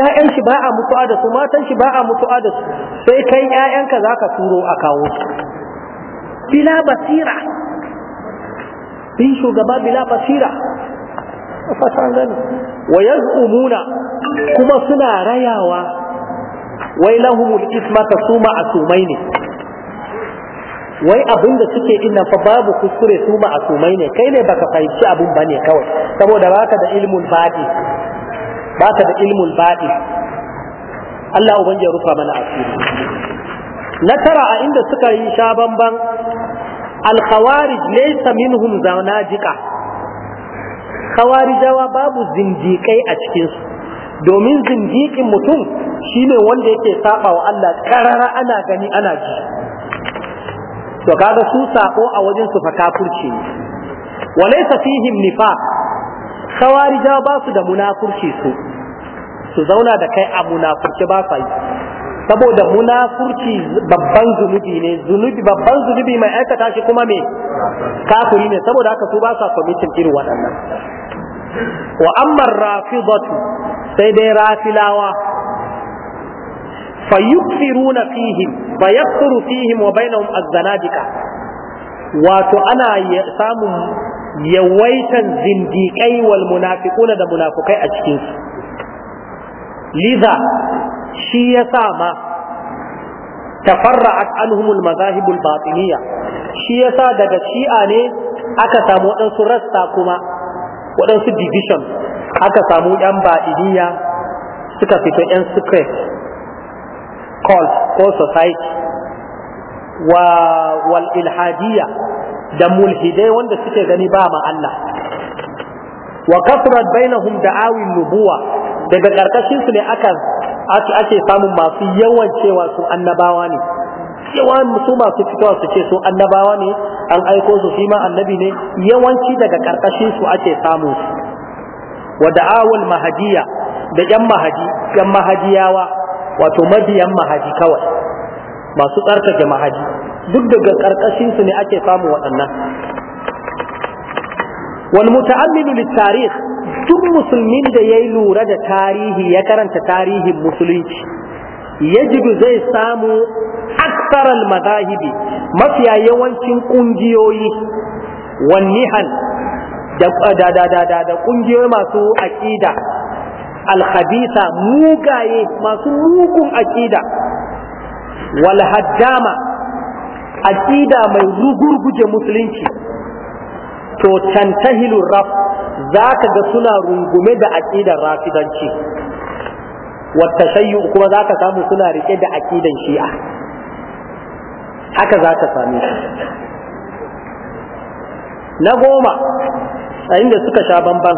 ƴaƴan shi ba a mutu'a da su matan shi ba a mutu'a da su sai kai ƴaƴanka ka turo a kawo su bila basira bin shugaba bila basira fatan gani wa yaz'umuna kuma suna rayawa wai lahumul ismata su ma'asumai ne wai abin da suke inna fa babu kuskure su ma'asumai ne kai ne baka fahimci abin bane kawai saboda baka da ilmun baɗi baka da ilmun baɗi Allah ubangiji ya rufa mana asiri na tara a inda suka yi sha bamban al-khawarij laysa minhum zanajika kawarijawa babu zindiƙai a cikinsu domin zindiƙin mutum shine wanda yake saba wa Allah karara ana gani ana ji to kaga su sako a wajen su fa kafirci ne laysa fihim nifaq kawarijawa ba su da munafurci su su zauna da kai a munafurci ba sa yi saboda munafurci babban zunubi ne zunubi babban zunubi mai aikata shi kuma me kafiri ne saboda haka su ba sa committing irin waɗannan wa amma rafidatu sai dai rafilawa fayukfiruna fihim fayakfuru fihim wa bainahum azzanadika wato ana samun yawaitan zindiƙai wal munafiquna da munafukai a cikinsu liza shi ya sa ma tafarra'at anhumul mazahibul batiniya shi ya sa daga shi'a ne aka samu waɗansu rasta kuma waɗansu division aka samu ‘yan batiniya suka fito ‘yan secret cult ko society wa wal ilhadiyya da mulhidai wanda suke gani ba ma Allah wa kasrat bainahum da'awin nubuwa daga karkashin ne aka ake samun masu yawan cewa su annabawa ne yawan su masu fitowa su ce su annabawa ne an aiko su shi ma annabi ne yawanci daga karkashin su ake samu su wa da'awul mahadiya da yan mahadi yan mahadiyawa wato mabiyan mahadi kawai masu tsarkake mahadi duk daga karkashin su ne ake samu waɗannan wal muta'ammilu lit tarikh duk musulmin da ya yi lura da tarihi ya karanta tarihin musulunci yajibu zai samu aksaral madahibi mafiya yawancin ƙungiyoyi wannihan da ƙungiyoyi masu aƙida alhabisa mugaye masu mugun aƙida walhaddama aƙida mai rugurguje musulunci to tantahilun rafu za ka ga suna rungume da aƙidar rafidanci wata shayyu kuma za ka samu suna riƙe da aƙidan shi'a haka za ka same su na goma a inda suka sha bamban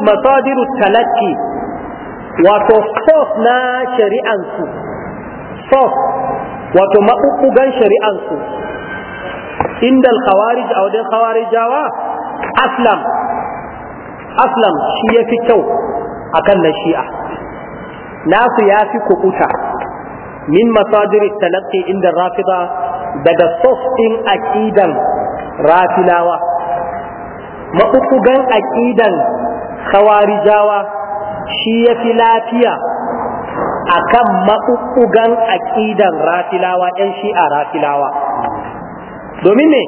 masadiru talaki wato source na shari'ansu sos wato maɓuɓɓugan shari'ansu inda al a wajen khawarijawa aslam aslam shi ya fi kyau a kan na shi'a nasu ya fi kukuta min masadirin talaqqi inda rafida daga sof ɗin aƙidan rafilawa maɓuɓɓugan aƙidan khawarijawa shi ya fi lafiya a kan maɓuɓɓugan aƙidan rafilawa ‘yan shi'a rafilawa domin ne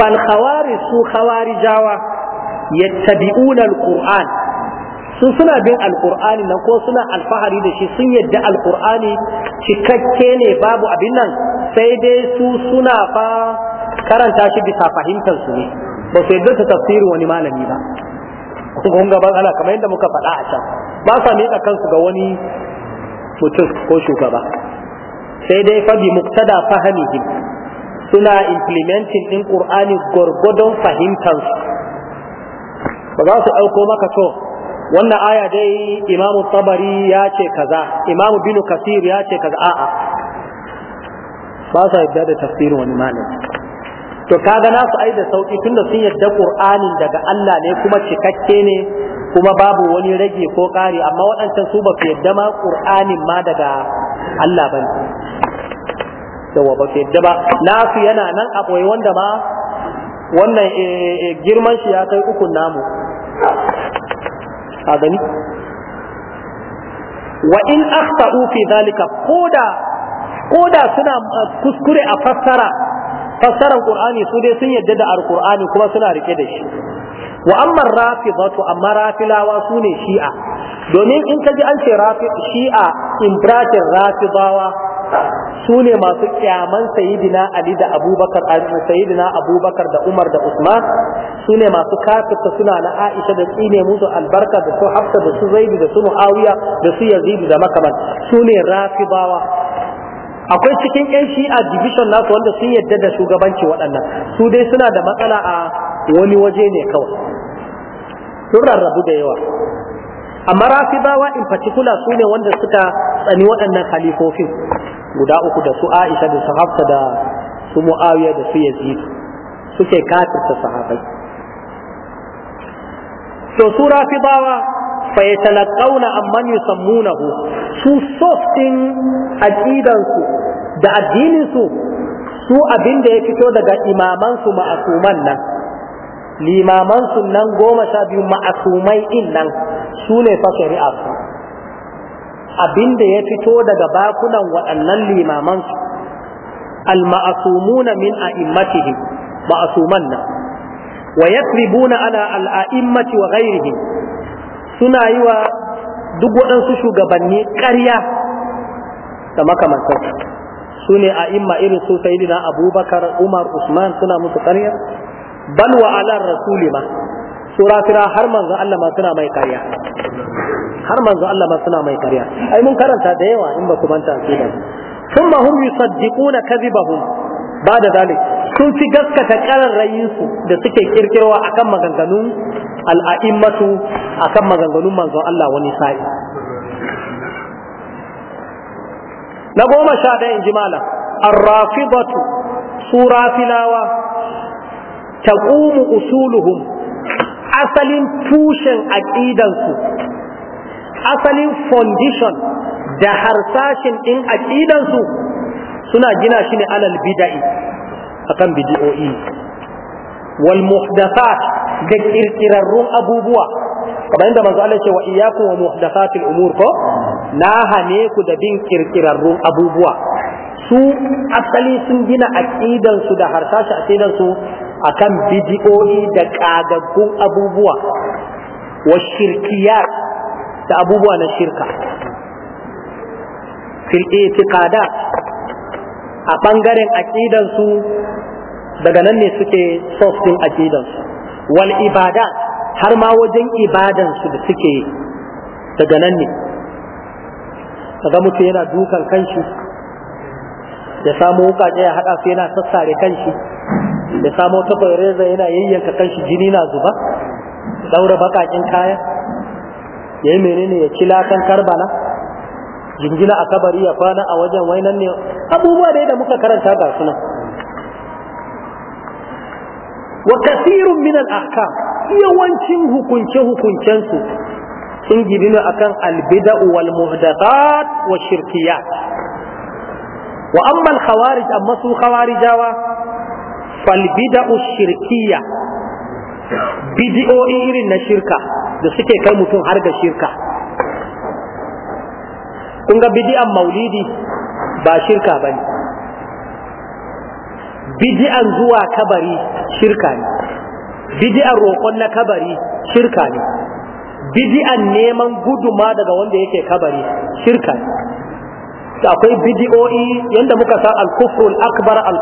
falkhawari su khawari jawa yattabi'una alquran su suna bin alkur'ani nan ko suna alfahari da shi sun yadda alkur'ani cikakke ne babu abin nan sai dai su suna fa karanta shi bisa fahimtar su ne ba su yadda ta tafsirin wani malami ba kun gaban Allah kamar yadda muka faɗa a can ba sa miƙa kansu ga wani mutum ko shugaba sai dai fa bi muktada fahimihim suna implementing ɗin ƙur'ani gwargwadon fahimtansu ba za su ɗauko maka to wannan aya dai imamu tabari ya ce kaza imamu binu kasir ya ce kaza a'a ba sa yadda da tafsirin wani malami to kaga nasu ai da sauki tunda sun yadda qur'anin daga Allah ne kuma cikakke ne kuma babu wani rage ko ƙari amma waɗancan su ba su yadda ma qur'anin ma daga Allah bane yawa ba su yadda ba nasu yana nan a ɓoye wanda ma wannan eh, eh, eh, girman shi ya kai ukun namu a gani wa in akhta'u fi zalika koda koda suna kuskure a fassara fassaran qur'ani su dai sun yadda da alqur'ani kuma suna rike da shi wa amma rafidatu amma rafilawa su ne shi'a domin in ka ji an ce shi'a in bracket rafidawa su ne masu kyaman sayidina Ali da Abubakar sayidina Abubakar da Umar da Usman su ne masu kafirta suna na Aisha da tsine musu albarka da su Hafsa da su Zaid da su Muawiya da su Yazid da makaman su ne rafibawa akwai cikin yan shi'a division nasu wanda sun yadda da shugabanci waɗannan su dai suna da matsala a wani waje ne kawai sun rarrabu da yawa amma rafidawa in particular su ne wanda suka tsani waɗannan khalifofin guda uku da su Aisha da su Hafsa da su Muawiya da su Yazid suke kafirta sahabai to su rafidawa fa yatalaqawna amman yusammunahu su softin aqidansu da addinin su su abin da ya fito daga imamansu ma'asuman nan limaman sunan nan goma sha biyu ma'asumai din nan su ne fa shari'a su abin da ya fito daga bakunan waɗannan limaman su al-ma'asumuna min a'immatihim ma'asuman nan wa yakribuna ala al-a'immati wa ghairihim suna yi wa duk waɗansu shugabanni ƙarya da makamantar su ne a imma irin su sayidina abubakar umar usman suna musu ƙarya bal wa ala rasuli ma sura fira har manzo Allah ma suna mai kariya har manzo Allah ma suna mai kariya ai mun karanta da yawa in ba ku manta su da thumma hum yusaddiquna kadhibahum ba'da dalik sun fi gaskata kararrayin su da suke kirkirwa akan maganganun al'a'immatu akan maganganun manzo Allah wani sa'i na goma sha ɗaya in ji malam arrafidatu su rafilawa taqumu usuluhum asalin tushen aqidansu asalin foundation da harsashin din aqidansu suna gina shi ne alal bid'i akan bid'o'i wal muhdathat da kirkirarrun abubuwa kamar yadda manzo Allah ce wa iyyakum wa muhdathatil umur ko na hane ku da bin kirkirarrun abubuwa su asali sun gina aqidan su da harsashi aqidan su akan bidi'o'i da kagaggun abubuwa wa shirkiyar da abubuwa na shirka fil a ɓangaren aƙidansu daga nan ne suke sosin aƙidansu? wal ibada har ma wajen ibadansu da suke daga nan ne kaga mutum yana dukan kanshi ya samu wuka ya haɗa su yana sassare kanshi da samo takwai reza yana yayyanka kanshi jini na zuba daura bakakin kaya ya yi menene ya ci lakan karbala jingina a kabari ya kwana a wajen wainan ne abubuwa da da muka karanta ga suna wa kasirun min al-ahkam yawancin hukunce hukuncensu sun gidinu akan albida wal muhdathat wa shirkiyat wa amma al-khawarij amma su khawarijawa Falbida ushirkiya, bidi'o'i irin na shirka da suke kai mutum har ga shirka kun ga bidi'an maulidi ba shirka ba ne zuwa kabari shirka ne bidi'an roƙon na kabari shirka ne bidi'an neman guduma daga wanda yake kabari shirka ne akwai bidiyo'i yadda muka san al-kufrul akbar al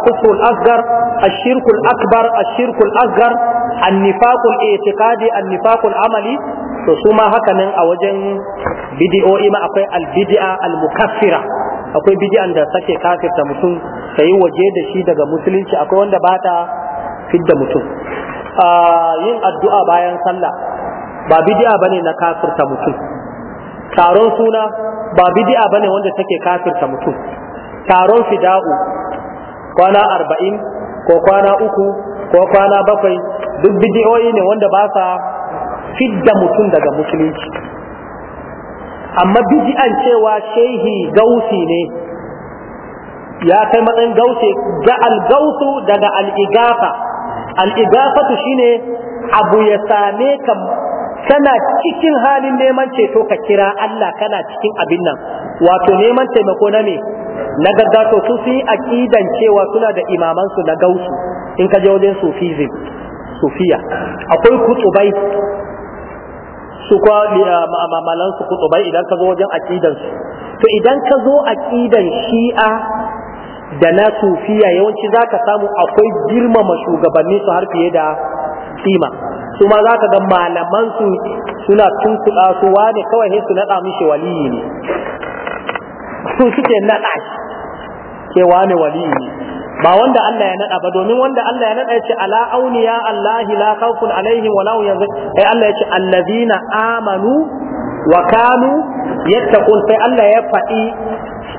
asgar ashirkul akbar ashirkul asgar annifaqul i'tiqadi annifaqul amali to su ma haka nan a wajen bidiyo'i ma akwai al-bid'a akwai bid'an da sake kafirta mutum sai waje da shi daga musulunci akwai wanda ba ta fidda mutum ah, yin addu'a bayan sallah ba bid'a bane na kafirta mutum taron suna ba ba ne wanda take kafirta mutum taron fida'u kwana arba'in ko kwana uku ko kwana bakwai duk bidiyoyi ne wanda ba sa fidda mutum daga musulunci amma bidi'an cewa shehi gausi ne ya kai matsayin gausi ga algausu daga al'igafa al'igafatu shine abu ya same ka kana cikin halin neman ceto ka kira Allah kana cikin abin nan wato neman taimako na me na gaggato su su yi aqidan cewa suna da imaman su na gausu in ka je wajen sufism sufiya akwai kutsubai su kwa mamalan su kutsubai idan ka zo wajen aqidan su to idan ka zo aqidan shi'a da na sufiya yawanci zaka samu akwai girmama shugabanni su har fiye da kima kuma za ka ga malamansu suna tunkuɗa su wane kawai sai su naɗa mishi waliyi ne su suke naɗa shi ke wane waliyi ne ba wanda Allah ya naɗa ba domin wanda Allah ya naɗa ya ce ala auniya Allahi la khawfun alaihim wa lahum yanzu ai Allah ya ce allazina amanu wa kanu yattaqun sai Allah ya faɗi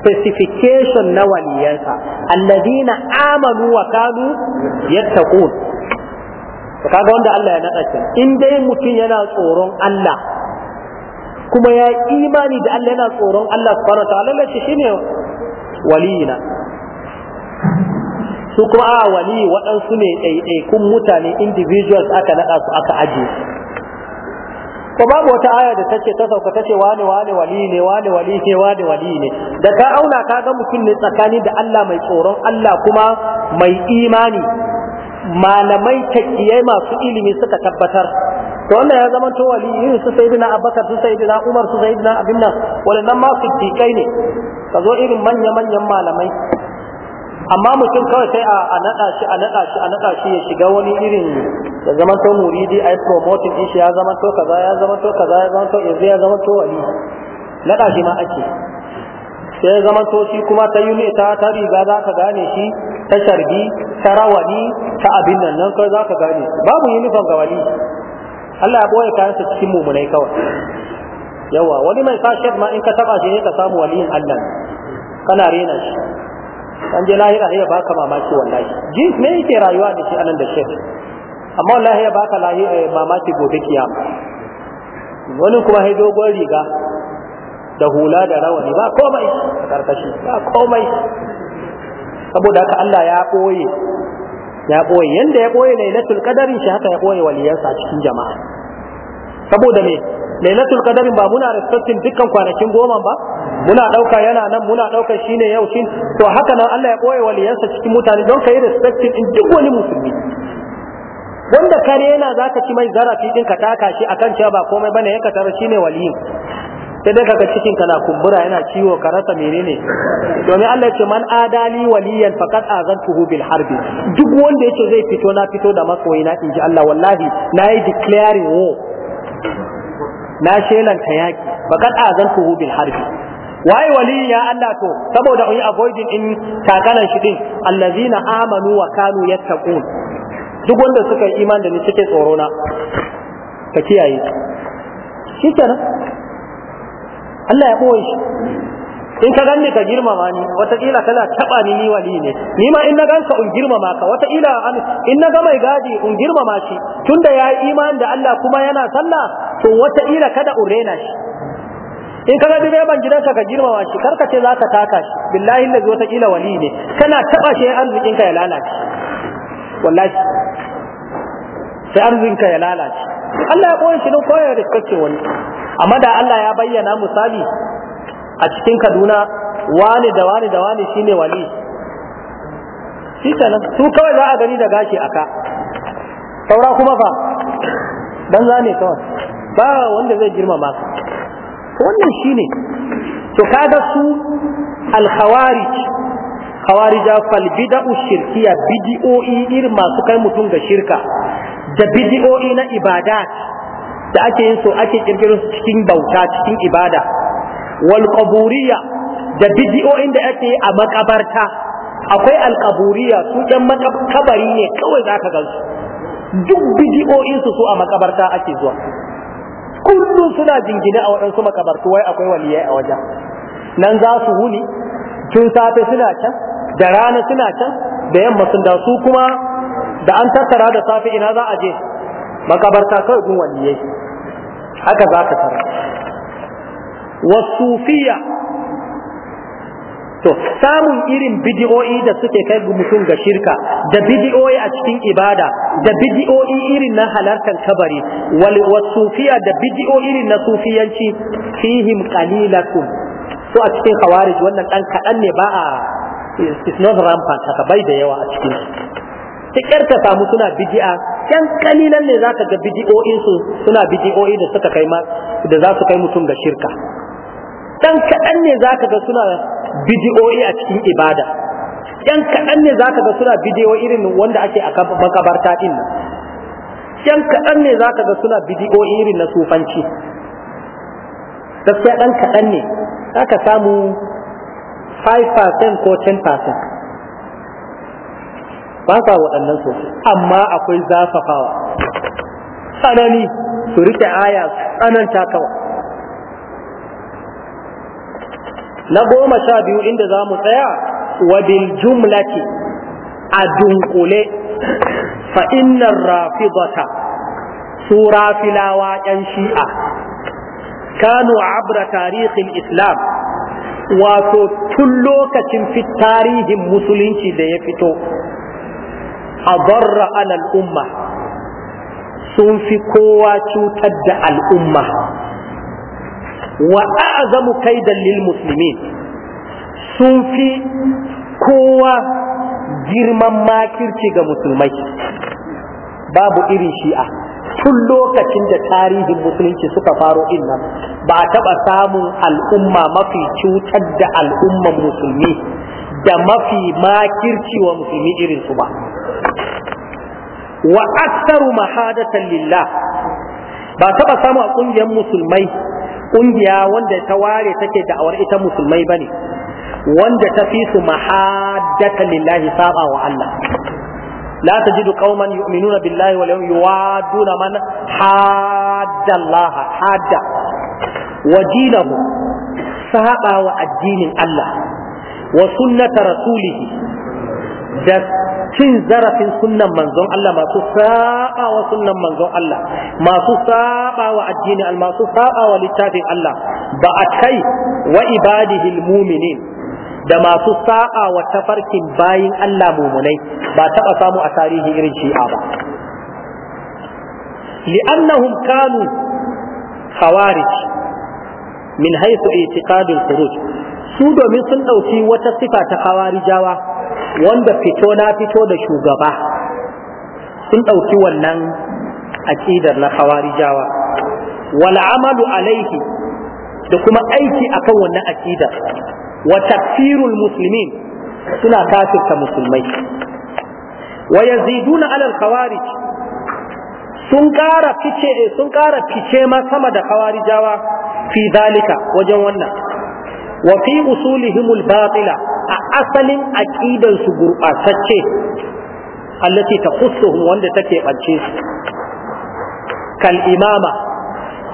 specification na waliyansa allazina amanu wa kanu yattaqun kaga wanda Allah ya naɗa kin in dai mutum yana tsoron Allah kuma ya imani da Allah yana tsoron Allah subhanahu ta'ala lalle ne waliyina su kuma a wali waɗansu ne ɗaiɗaikun mutane individuals aka naɗa su aka aje ko babu wata aya da tace ta sauka tace wani wani wali ne wani wali ne wani wali ne da ka auna ka ga mutum ne tsakani da Allah mai tsoron Allah kuma mai imani malamai takiyai masu ilimi suka tabbatar to wannan ya zama to wali irin su sayyidina abakar su sayyidina umar su sayyidina abin nan wannan ma kai ne ka zo irin manya manyan malamai amma mutum kawai sai a naɗa shi a naɗa shi a naɗa shi ya shiga wani irin ya zama to muridi ai promoting shi ya zama to kaza ya zama to kaza ya zama to yanzu ya zama to wali naɗa shi ma ake sai zaman toshi kuma ta yi ta ta riga za ka gane shi ta shargi, ta rawani ta abin nan nan kai za ka gane babu uniform ga wani. Allah ya boye kayan sa cikin mummunai kawai yawa wani mai sa shek ma in ka taba shi ne ka samu waliyin Allah kana rena shi an je lahira sai ya baka mamaki wallahi jin ne yake rayuwa da shi anan da shek amma wallahi ya baka eh, mamaki gobe kiyama wani kuma hai dogon riga da hula da rawani ba komai a karkashi ba komai saboda haka Allah ya ɓoye ya ɓoye yanda ya ɓoye lailatul qadarin shi haka ya ɓoye waliyansa a cikin jama'a saboda me lailatul qadarin ba muna respectin dukkan kwanakin goma ba muna ɗauka yana nan muna ɗauka shine yau shi to haka nan Allah ya ɓoye waliyansa cikin mutane don ka yi respectin in duk wani musulmi wanda kare yana zaka ci mai zarafi din ka taka shi akan cewa ba komai bane ya ka tara shine waliyin sai dai kaga cikin kana kumbura yana ciwo ka rasa menene domin Allah ya ce man adali waliyan faqad azantuhu bil harbi duk wanda yace zai fito na fito da na inji Allah wallahi nayi declaring war na ta yaki faqad azantuhu bil harbi waye waliyin ya Allah to saboda yi avoiding in takalan shi din allazina amanu wa kanu yattaqun duk wanda suka yi iman da ni suke tsoro na ka kiyaye shi kenan Allah ya ɓoye shi in ka ganni ka girmama ni wataƙila kana taɓa ni ni wali ne ni ma in na ganka in girmama ka wataƙila in na ga mai gadi in girmama shi tunda ya yi imani da Allah kuma yana sallah to wataƙila kada in rena shi in ka ga direban gidansa ka girmama shi karka ce za ka taka shi billahi lazi wataƙila wali ne kana taɓa shi arzikinka ya lalace wallahi sai arzikinka ya lalace Allah ya koyi shi don koyar da kake wani amma da Allah ya bayyana misali a cikin Kaduna wani da wani da wani shine wali shi nan su kawai za a gani da gashi aka saura kuma fa dan zane kawai ba wanda zai girmama su. wannan shine to kaga su al-khawarij khawarija fal bid'u shirkiya bid'o'i irin masu kai mutum ga shirka da bid'o'i na ibadat da ake yin so ake kirkiro su cikin bauta cikin ibada wal qaburiyya da bidiyoyin da ake a makabarta akwai al qaburiyya su ɗan makabari ne kawai zaka gansu duk bidiyoyin su su a makabarta ake zuwa kullum suna jingine a waɗansu makabartu wai akwai waliyai a wajen nan za su huni tun safe suna can da rana suna can da yamma sun da su kuma da an tattara da safe ina za a je makabarta kawai gun waliyai haka za ka tara wasufiya to samun irin bidiyoyi da suke kai mutum ga shirka da bidiyoyi a cikin ibada da bidiyoyi irin na halartar kabari wal da bidiyoyi irin na sufiyanci fihim qalilakum to a cikin khawarij wannan dan kaɗan ne ba a it's not rampant haka bai da yawa a cikin su ta samu suna bidi'a can kalilan ne zaka ga bidiyoyin su suna bidiyoyi da suka kai ma da za su kai mutum ga shirka dan kaɗan ne zaka ga suna bidiyoyi a cikin ibada can kaɗan ne zaka ga suna bidiyo irin wanda ake a makabarta din nan yan kaɗan ne zaka ga suna bidiyo irin na sufanci gaskiya dan kaɗan ne za ka samu 5% ko 10% ba sa waɗannan su amma akwai zafafawa tsanani su rike aya tsananta kawai na goma sha biyu inda za mu tsaya wa bil jumlati a dunkule fa innar rafidata su rafilawa yan shi'a kanu abra tarihin islam wato tun lokacin fit tarihin musulunci da ya fito adarra ala al'umma sun fi kowa cutar da al'umma wa a'zamu kaidan lil musulmi sun fi kowa girman makirci ga musulmai babu irin shi'a tun lokacin da tarihin musulunci suka faro in ba a taɓa samun al'umma mafi cutar da al'umman musulmi da mafi makirci wa musulmi irinsu ba wa aksaru mahadatan lillah ba taɓa samun a ƙungiyar musulmai ƙungiya wanda ta ware take da'awar ita musulmai bane wanda ta fi su mahadatan lillahi saba wa Allah لا تجد قوما يؤمنون بالله ولا يوادون من حاد wa dinahu addinin Allah wa sunnata rasulihi da cin zarafin sunnan manzon Allah masu saba wa sunnan manzon Allah masu saba wa addini al masu saba wa littafin Allah ba a kai wa ibadihil muminin da masu saba wa tafarkin bayin Allah mumunai ba taba samu a tarihi irin shi'a ba li'annahum kanu khawarij min haisu itiqadul khuruj su domin sun ɗauki wata sifa ta hawarijawa wanda fito na fito da shugaba sun ɗauki wannan aƙidar na hawarijawa wal amalu alaihi da kuma aiki akan wannan aƙida. wa takfirul muslimin suna kafirta musulmai wa yaziduna alal khawarij sun ƙara fice eh, sun ƙara fice ma sama da hawarijawa fi dalika wajen wannan wa fi usulihim al-batila a asalin aqidan su gurbatacce allati takhussuhum wanda take bance su kal imama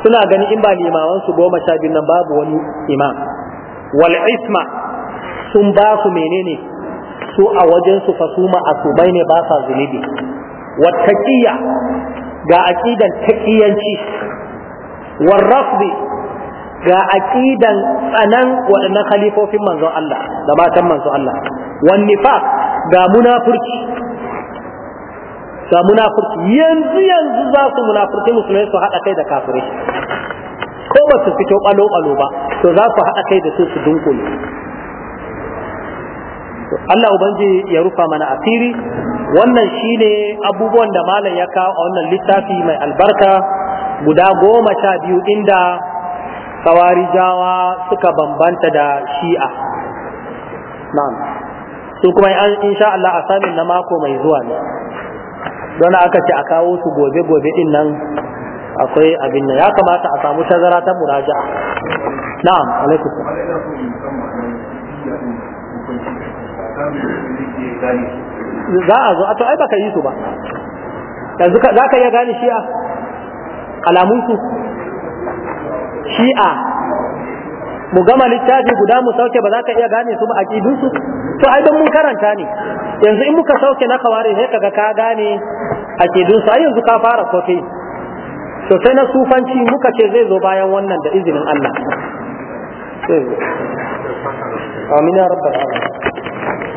suna gani in ba limaman su goma sha biyu nan babu wani imam wal isma sun ba su menene su a wajen su fasuma asubai ne ba sa zunubi wa ga aqidan taqiyanci war rafdi ga aqidan tsanan waɗannan khalifofin manzon Allah da matan manzon Allah wan nifaq ga munafurci ga munafurci yanzu yanzu za su munafurci musulmai su haɗa kai da kafirai ko ba su fito ƙwalo-ƙwalo ba to za su haɗa kai da su su dunkule Allah ubangi ya rufa mana asiri wannan shi ne abubuwan da malam ya kawo a wannan littafi mai albarka guda goma sha biyu inda jawa suka bambanta da shi'a na'am su kuma in sha Allah a samin na mako mai zuwa ne don aka ce a kawo su gobe-gobe din nan akwai abin nan ya kamata a samu tazara ta muraja na'am alaikum za a zo a to ai baka yi su ba yanzu za ka iya gane shi'a alamunsu shi'a mu gama littafi guda mu sauke ba za ka iya gane su ba su. to ai don mun karanta ne yanzu in muka sauke na kaware sai kaga ka gane a su, ai yanzu ka fara sauke to sai na sufanci muka ce zai zo bayan wannan da izinin Allah amina rabbal alamin